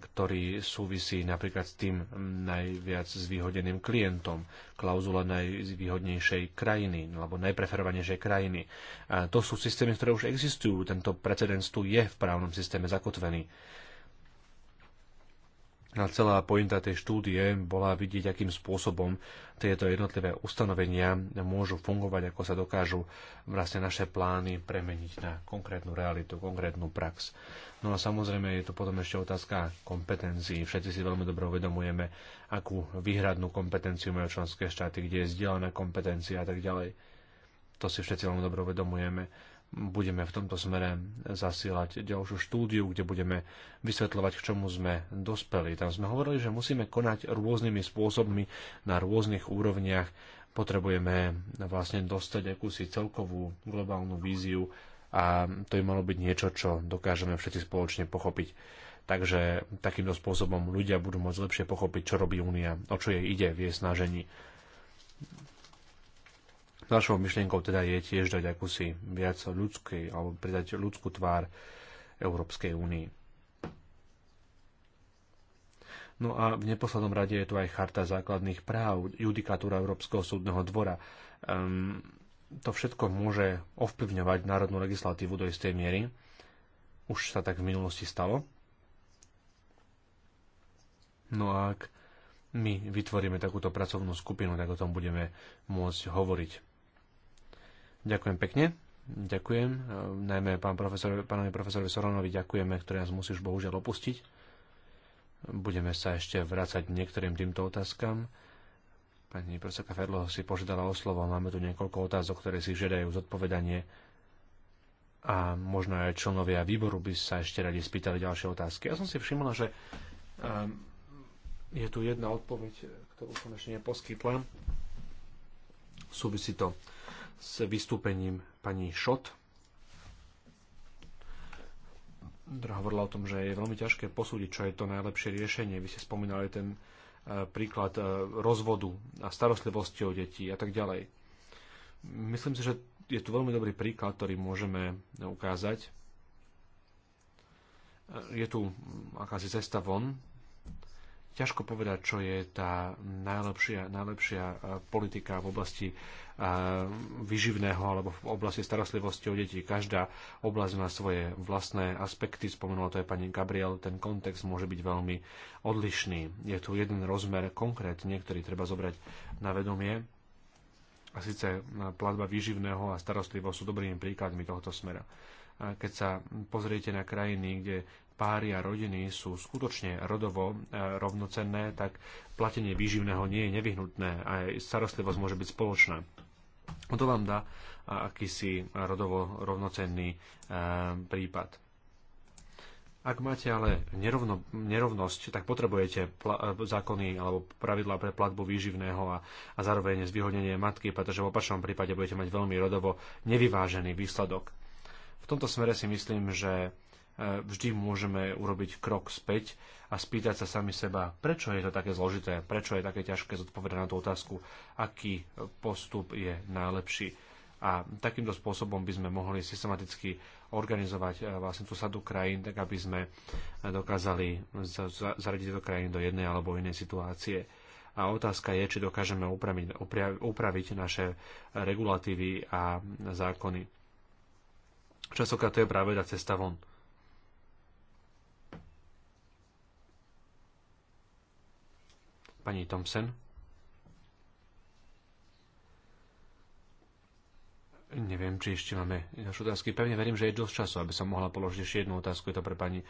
S2: ktorý súvisí napríklad s tým najviac zvýhodeným klientom, klauzula najvýhodnejšej krajiny alebo najpreferovanejšej krajiny. A eh, to sú systémy, ktoré už existujú. Tento precedens tu je v právnom systéme zakotvený. A celá pointa tej štúdie bola vidieť, akým spôsobom tieto jednotlivé ustanovenia môžu fungovať, ako sa dokážu vlastne naše plány premeniť na konkrétnu realitu, konkrétnu prax. No a samozrejme je to potom ešte otázka kompetencií. Všetci si veľmi dobre uvedomujeme, akú výhradnú kompetenciu majú členské štáty, kde je zdieľaná kompetencia a tak ďalej. To si všetci veľmi dobre uvedomujeme budeme v tomto smere zasielať ďalšiu štúdiu, kde budeme vysvetľovať, k čomu sme dospeli. Tam sme hovorili, že musíme konať rôznymi spôsobmi na rôznych úrovniach. Potrebujeme vlastne dostať akúsi celkovú globálnu víziu a to by malo byť niečo, čo dokážeme všetci spoločne pochopiť. Takže takýmto spôsobom ľudia budú môcť lepšie pochopiť, čo robí Únia, o čo jej ide v jej snažení Našou myšlienkou teda je tiež dať akúsi viac ľudskej alebo pridať ľudskú tvár Európskej únii. No a v neposlednom rade je tu aj Charta základných práv, judikatúra Európskeho súdneho dvora. Um, to všetko môže ovplyvňovať národnú legislatívu do istej miery. Už sa tak v minulosti stalo. No a ak my vytvoríme takúto pracovnú skupinu, tak o tom budeme môcť hovoriť. Ďakujem pekne. Ďakujem. E, najmä pán profesor, pánovi profesorovi Soronovi ďakujeme, ktorý nás musí už bohužiaľ opustiť. Budeme sa ešte vrácať niektorým týmto otázkam. Pani profesorka Ferlo si požiadala o slovo. Máme tu niekoľko otázok, ktoré si žiadajú zodpovedanie. A možno aj členovia výboru by sa ešte radi spýtali ďalšie otázky. Ja som si všimla, že ehm, je tu jedna odpoveď, ktorú som ešte neposkytla. Súvisí to s vystúpením pani Šot, ktorá hovorila o tom, že je veľmi ťažké posúdiť, čo je to najlepšie riešenie. Vy ste spomínali ten e, príklad e, rozvodu a starostlivosti o detí a tak ďalej. Myslím si, že je tu veľmi dobrý príklad, ktorý môžeme ukázať. E, je tu akási cesta von, ťažko povedať, čo je tá najlepšia, najlepšia e, politika v oblasti e, vyživného alebo v oblasti starostlivosti o deti. Každá oblasť má svoje vlastné aspekty. Spomenula to aj pani Gabriel, ten kontext môže byť veľmi odlišný. Je tu jeden rozmer konkrétne, ktorý treba zobrať na vedomie. A síce e, platba výživného a starostlivosť sú dobrými príkladmi tohoto smera. keď sa pozriete na krajiny, kde páry a rodiny sú skutočne rodovo e, rovnocenné, tak platenie výživného nie je nevyhnutné a aj starostlivosť môže byť spoločná. O to vám dá akýsi rodovo rovnocenný e, prípad. Ak máte ale nerovno, nerovnosť, tak potrebujete e, zákony alebo pravidlá pre platbu výživného a, a zároveň zvýhodnenie matky, pretože v opačnom prípade budete mať veľmi rodovo nevyvážený výsledok. V tomto smere si myslím, že E, vždy môžeme urobiť krok späť a spýtať sa sami seba, prečo je to také zložité, prečo je také ťažké zodpovedať na tú otázku, aký postup je najlepší. A takýmto spôsobom by sme mohli systematicky organizovať e, vlastne tú sadu krajín, tak aby sme dokázali zaradiť tieto krajiny do jednej alebo inej situácie. A otázka je, či dokážeme upraviť, upraviť naše regulatívy a zákony. Časokrát to je práve tá cesta von Pani Thompson. Neviem, či ešte máme ďalšie otázky. Pevne verím, že je dosť času, aby som mohla položiť ešte jednu otázku. Je to pre pani e,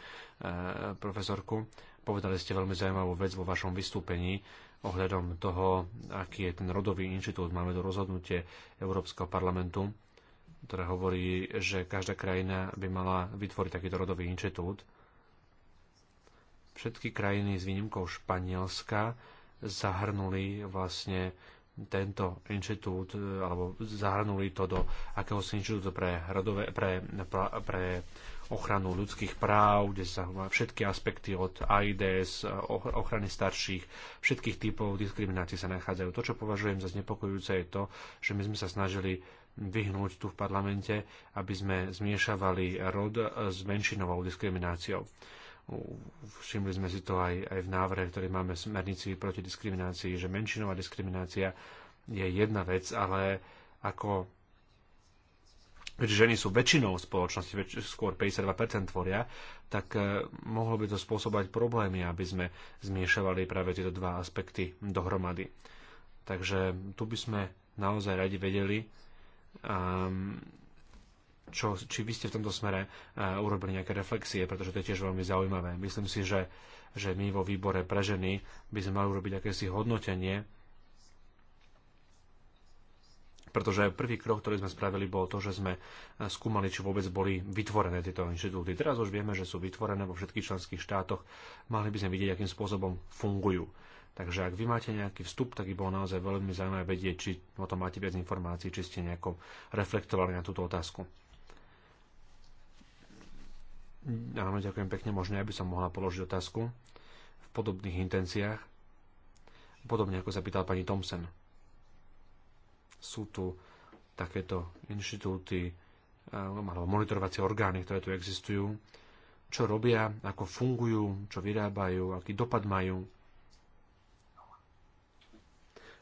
S2: profesorku. Povedali ste veľmi zaujímavú vec vo vašom vystúpení ohľadom toho, aký je ten rodový inštitút. Máme to rozhodnutie Európskeho parlamentu, ktoré hovorí, že každá krajina by mala vytvoriť takýto rodový inštitút. Všetky krajiny s výnimkou Španielska zahrnuli vlastne tento inštitút, e, alebo zahrnuli to do akéhosi inštitútu pre, rodové, pre, pre ochranu ľudských práv, kde sa všetky aspekty od AIDS, e, ochrany starších, všetkých typov diskriminácií sa nachádzajú. To, čo považujem za znepokojujúce, je to, že my sme sa snažili vyhnúť tu v parlamente, aby sme zmiešavali rod e, s menšinovou diskrimináciou. Všimli sme si to aj, aj v návrhe, ktorý máme v smernici proti diskriminácii, že menšinová diskriminácia je jedna vec, ale ako keďže ženy sú väčšinou v spoločnosti, väč, skôr 52% tvoria, tak eh, mohlo by to spôsobať problémy, aby sme zmiešavali práve tieto dva aspekty dohromady. Takže tu by sme naozaj radi vedeli, um, čo, či vy ste v tomto smere e, urobili nejaké reflexie, pretože to je tiež veľmi zaujímavé. Myslím si, že, že my vo výbore pre ženy by sme mali urobiť akési hodnotenie, pretože prvý krok, ktorý sme spravili, bol to, že sme e, skúmali, či vôbec boli vytvorené tieto inštitúty. Teraz už vieme, že sú vytvorené vo všetkých členských štátoch. Mali by sme vidieť, akým spôsobom fungujú. Takže ak vy máte nejaký vstup, tak by bolo naozaj veľmi zaujímavé vedieť, či o tom máte viac informácií, či ste nejako reflektovali na túto otázku. Áno, ďakujem pekne. Možno ja by som mohla položiť otázku v podobných intenciách. Podobne ako sa pýtal pani Thompson. Sú tu takéto inštitúty eh, alebo monitorovacie orgány, ktoré tu existujú, čo robia, ako fungujú, čo vyrábajú, aký dopad majú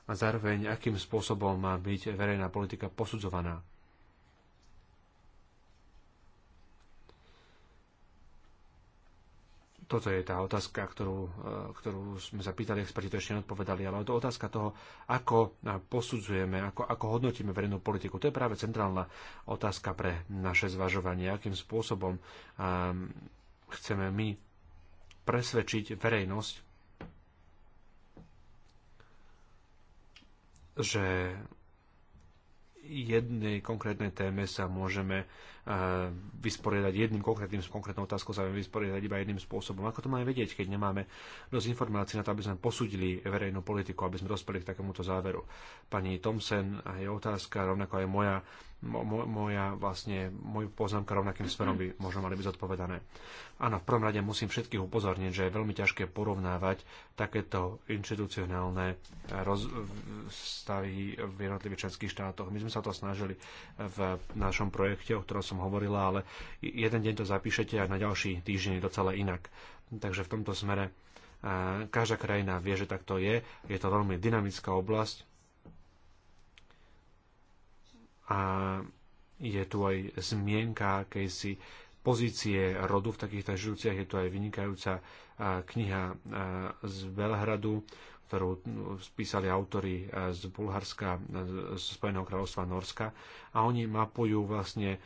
S2: a zároveň akým spôsobom má byť verejná politika posudzovaná. toto je tá otázka, ktorú, e, ktorú sme zapýtali, experti to ešte neodpovedali, ale to otázka toho, ako e, posudzujeme, ako, ako hodnotíme verejnú politiku. To je práve centrálna otázka pre naše zvažovanie, akým spôsobom um, chceme my presvedčiť verejnosť, že jednej konkrétnej téme sa môžeme Eh, vysporiadať jedným konkrétnym, konkrétnou otázkou sa vieme vysporiadať iba jedným spôsobom. Ako to máme vedieť, keď nemáme dosť informácií na to, aby sme posúdili verejnú politiku, aby sme dospeli k takémuto záveru. Pani Thompson a jej otázka, rovnako aj moja, mo, moja vlastne, môj poznámka rovnakým smerom by možno mali byť zodpovedané. Áno, v prvom rade musím všetkých upozorniť, že je veľmi ťažké porovnávať takéto inštitucionálne eh, roz, stavy v jednotlivých členských štátoch. My sme sa to snažili v našom projekte, o ktorom som som hovorila, ale jeden deň to zapíšete a na ďalší týždeň je to celé inak. Takže v tomto smere e, každá krajina vie, že takto je. Je to veľmi dynamická oblasť a je tu aj zmienka akejsi pozície rodu v takýchto žilciach. Je tu aj vynikajúca e, kniha e, z Belhradu, ktorú spísali autori z Bulharska, z Spojeného kráľovstva Norska. A oni mapujú vlastne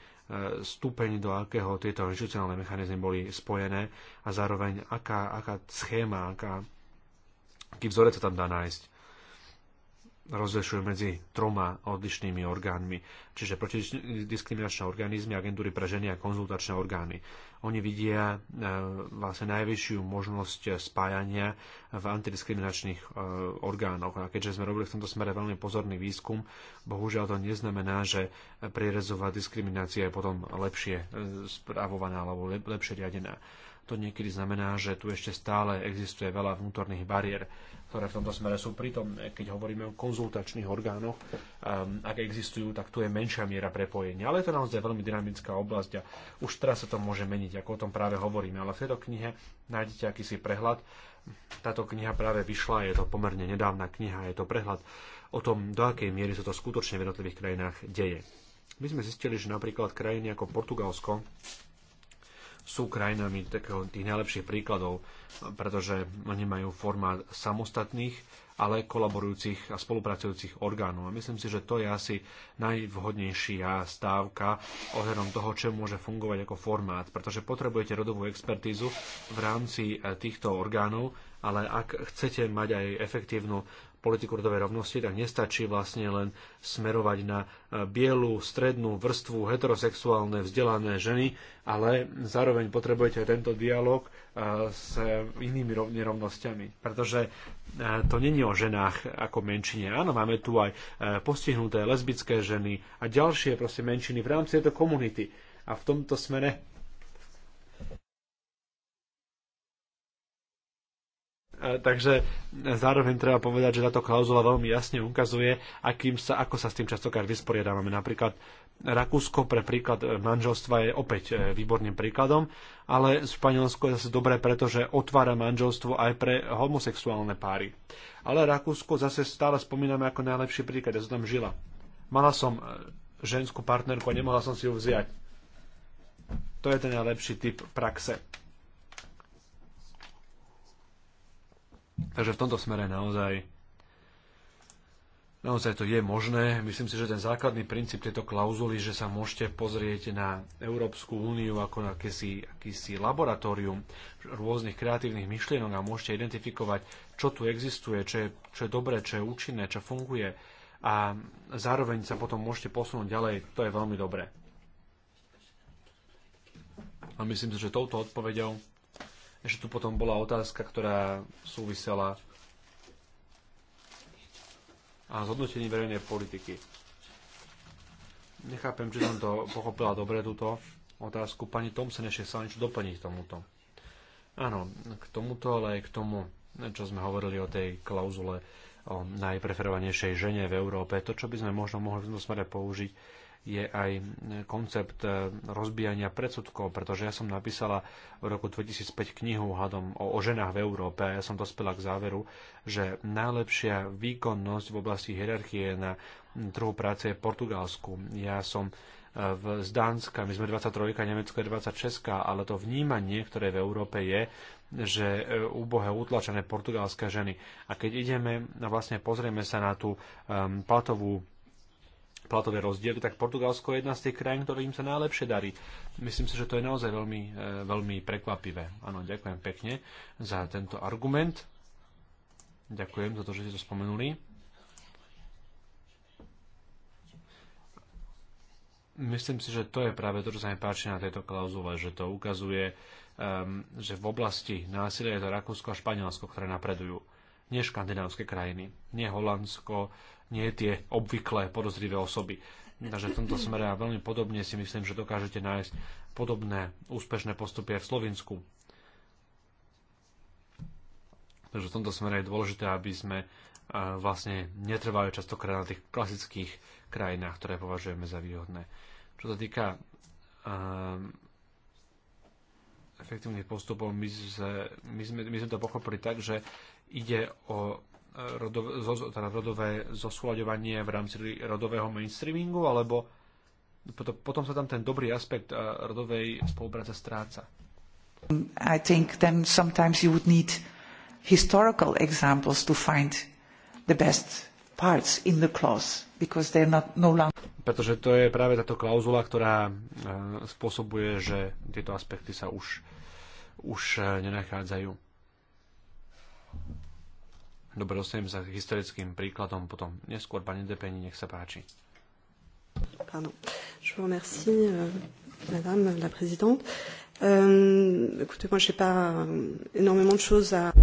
S2: stupeň, do akého tieto inštitucionálne mechanizmy boli spojené a zároveň aká, aká schéma, aká, aký vzorec sa tam dá nájsť rozlišujú medzi troma odlišnými orgánmi, čiže protidiskriminačné organizmy, agentúry pre ženy a konzultačné orgány. Oni vidia e, vlastne najvyššiu možnosť spájania v antidiskriminačných e, orgánoch. A keďže sme robili v tomto smere veľmi pozorný výskum, bohužiaľ to neznamená, že prierezová diskriminácia je potom lepšie e, správovaná alebo lepšie riadená. To niekedy znamená, že tu ešte stále existuje veľa vnútorných bariér, ktoré v tomto smere sú. Pritom, keď hovoríme o konzultačných orgánoch, um, ak existujú, tak tu je menšia miera prepojenia. Ale je to naozaj veľmi dynamická oblasť a už teraz sa to môže meniť, ako o tom práve hovoríme. Ale v tejto knihe nájdete akýsi prehľad. Táto kniha práve vyšla, je to pomerne nedávna kniha, je to prehľad o tom, do akej miery sa to skutočne v jednotlivých krajinách deje. My sme zistili, že napríklad krajiny ako Portugalsko sú krajinami takého, tých najlepších príkladov, pretože oni majú formát samostatných, ale kolaborujúcich a spolupracujúcich orgánov. A myslím si, že to je asi najvhodnejšia stávka ohľadom toho, čo môže fungovať ako formát, pretože potrebujete rodovú expertízu v rámci e, týchto orgánov, ale ak chcete mať aj efektívnu politiku rodovej rovnosti, tak nestačí vlastne len smerovať na e, bielu, strednú vrstvu heterosexuálne vzdelané ženy, ale zároveň potrebujete aj tento dialog e, s inými nerovnosťami. Pretože e, to není o ženách ako menšine. Áno, máme tu aj postihnuté lesbické ženy a ďalšie proste menšiny v rámci tejto komunity. A v tomto smere takže zároveň treba povedať, že táto klauzula veľmi jasne ukazuje, akým sa, ako sa s tým častokrát vysporiadávame. Napríklad Rakúsko pre príklad manželstva je opäť e, výborným príkladom, ale Španielsko je zase dobré, pretože otvára manželstvo aj pre homosexuálne páry. Ale Rakúsko zase stále spomíname ako najlepší príklad, ja som tam žila. Mala som e, ženskú partnerku a nemohla som si ju vziať. To je ten najlepší typ praxe Takže v tomto smere naozaj Naozaj to je možné. Myslím si, že ten základný princíp tejto klauzuly, že sa môžete pozrieť na Európsku úniu ako na akési, akési laboratórium rôznych kreatívnych myšlienok a môžete identifikovať, čo tu existuje, čo je, čo je dobré, čo je účinné, čo funguje a zároveň sa potom môžete posunúť ďalej. To je veľmi dobré. A myslím si, že touto odpoveďou ešte tu potom bola otázka, ktorá súvisela a zhodnotení verejnej politiky. Nechápem, či som to pochopila dobre, túto otázku. Pani Tomsen ešte chcela niečo doplniť tomuto. Áno, k tomuto, ale aj k tomu, čo sme hovorili o tej klauzule o najpreferovanejšej žene v Európe. To, čo by sme možno mohli v tomto smere použiť, je aj koncept eh, rozbijania predsudkov, pretože ja som napísala v roku 2005 knihu hľadom o, o ženách v Európe a ja som dospela k záveru, že najlepšia výkonnosť v oblasti hierarchie na trhu práce je v Portugalsku. Ja som eh, v, z Dánska, my sme 23, Nemecko je 26, ale to vnímanie, ktoré v Európe je, že úbohé eh, utlačené portugalské ženy. A keď ideme, no vlastne pozrieme sa na tú um, platovú platové rozdiely, tak Portugalsko je jedna z tých krajín, ktorým sa najlepšie darí. Myslím si, že to je naozaj veľmi, e, veľmi prekvapivé. Áno, ďakujem pekne za tento argument. Ďakujem za to, že ste to spomenuli. Myslím si, že to je práve to, čo sa mi páči na tejto klauzule, že to ukazuje, um, že v oblasti násilia je to Rakúsko a Španielsko, ktoré napredujú. Nie škandinávské krajiny, nie Holandsko, nie tie obvyklé podozrivé osoby. Takže v tomto smere a veľmi podobne si myslím, že dokážete nájsť podobné úspešné postupy aj v Slovensku. Takže v tomto smere je dôležité, aby sme e, vlastne netrvali častokrát na tých klasických krajinách, ktoré považujeme za výhodné. Čo sa týka um, efektívnych postupov, my, z, my, sme, my sme to pochopili tak, že ide o rodové, teda rodové zosúľaďovanie v rámci rodového mainstreamingu, alebo potom sa tam ten dobrý aspekt eh, rodovej spolupráce stráca?
S3: I think then sometimes you would need historical examples to find the best parts in the clause, because they're not no longer...
S2: Pretože to je práve táto klauzula, ktorá uh, spôsobuje, že tieto aspekty sa už, už uh, nenachádzajú. Dobre, dostanem sa historickým príkladom potom. Neskôr, pani Depeni, nech sa páči.
S1: Pardon. Je vous remercie, euh, Madame la Présidente. Euh, écoutez, moi, je n'ai pas euh,
S3: énormément de choses à...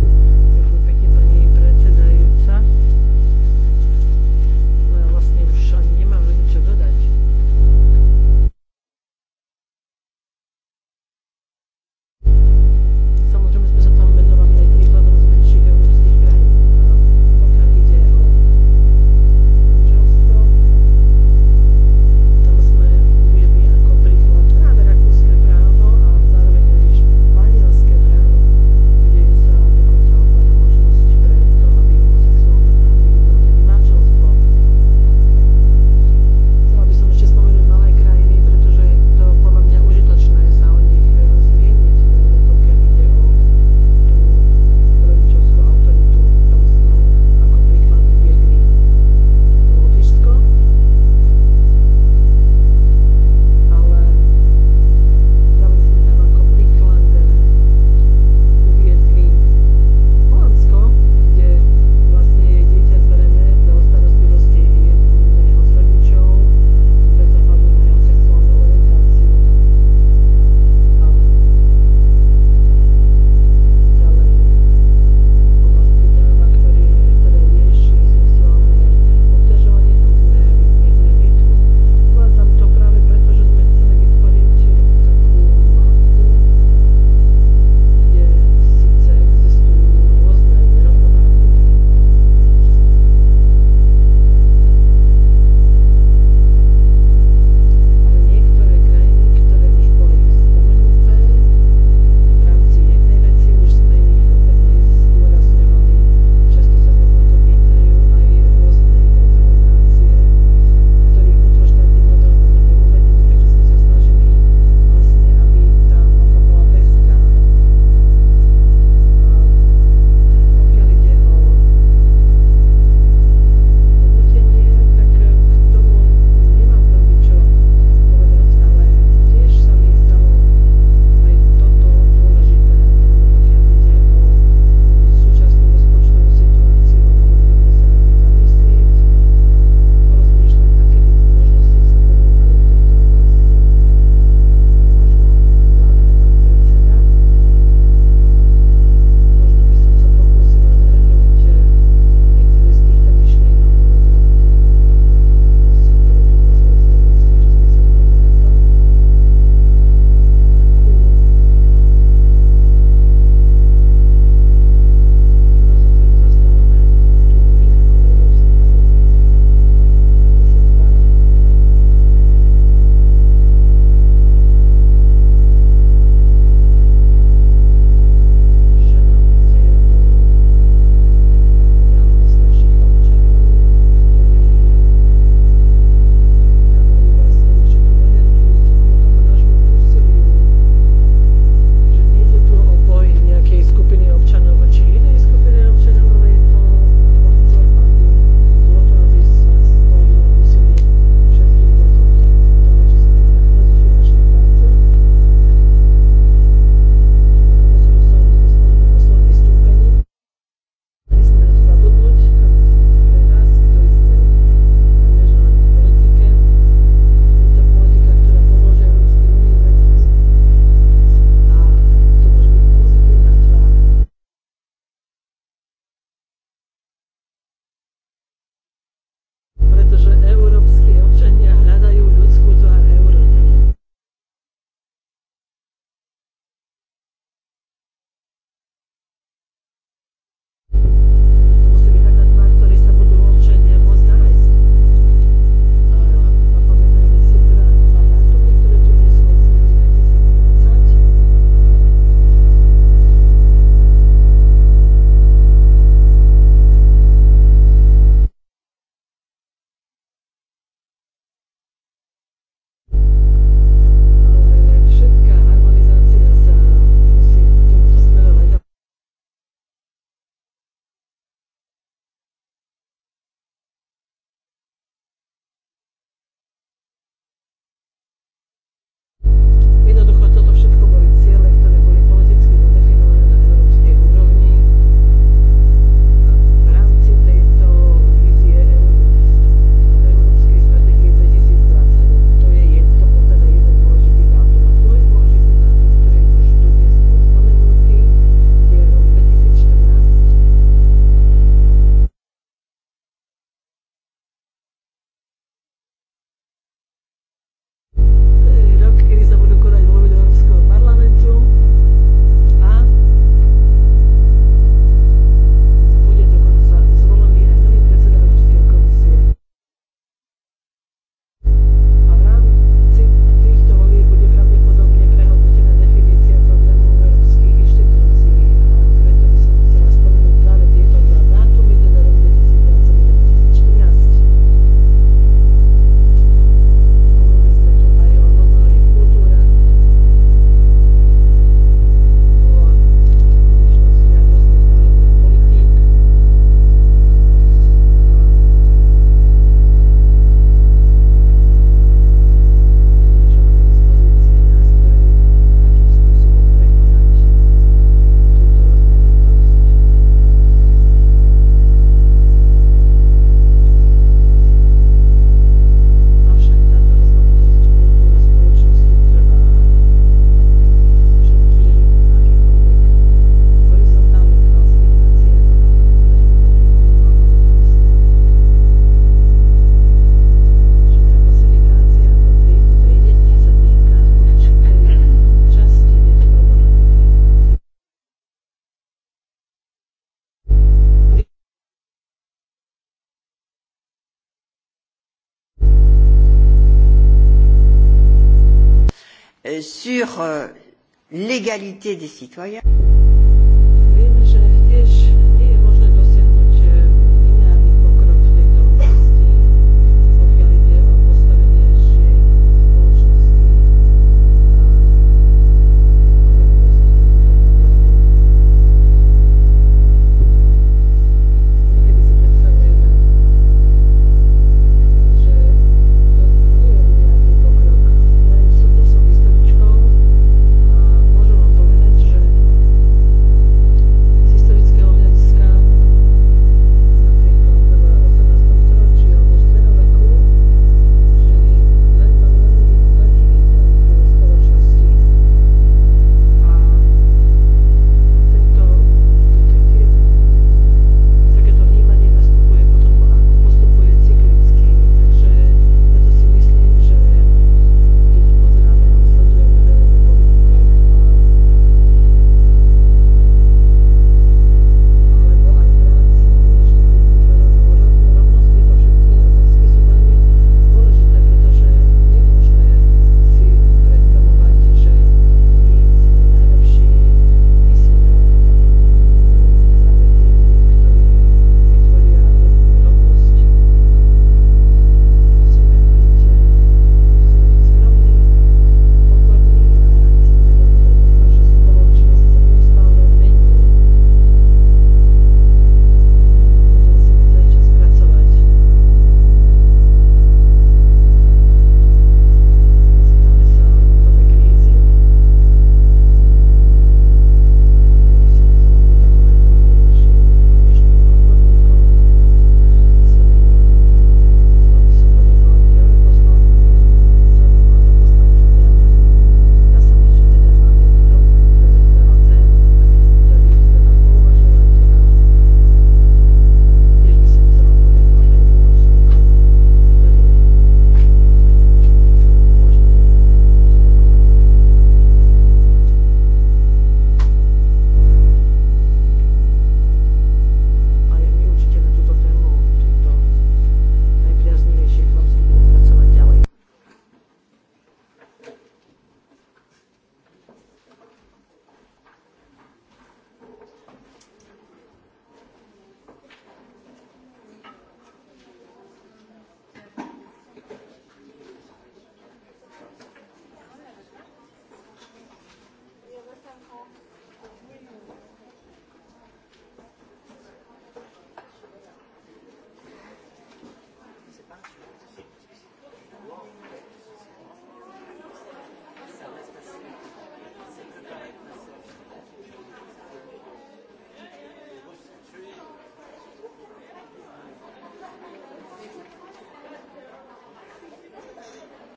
S1: sur euh, l'égalité des citoyens.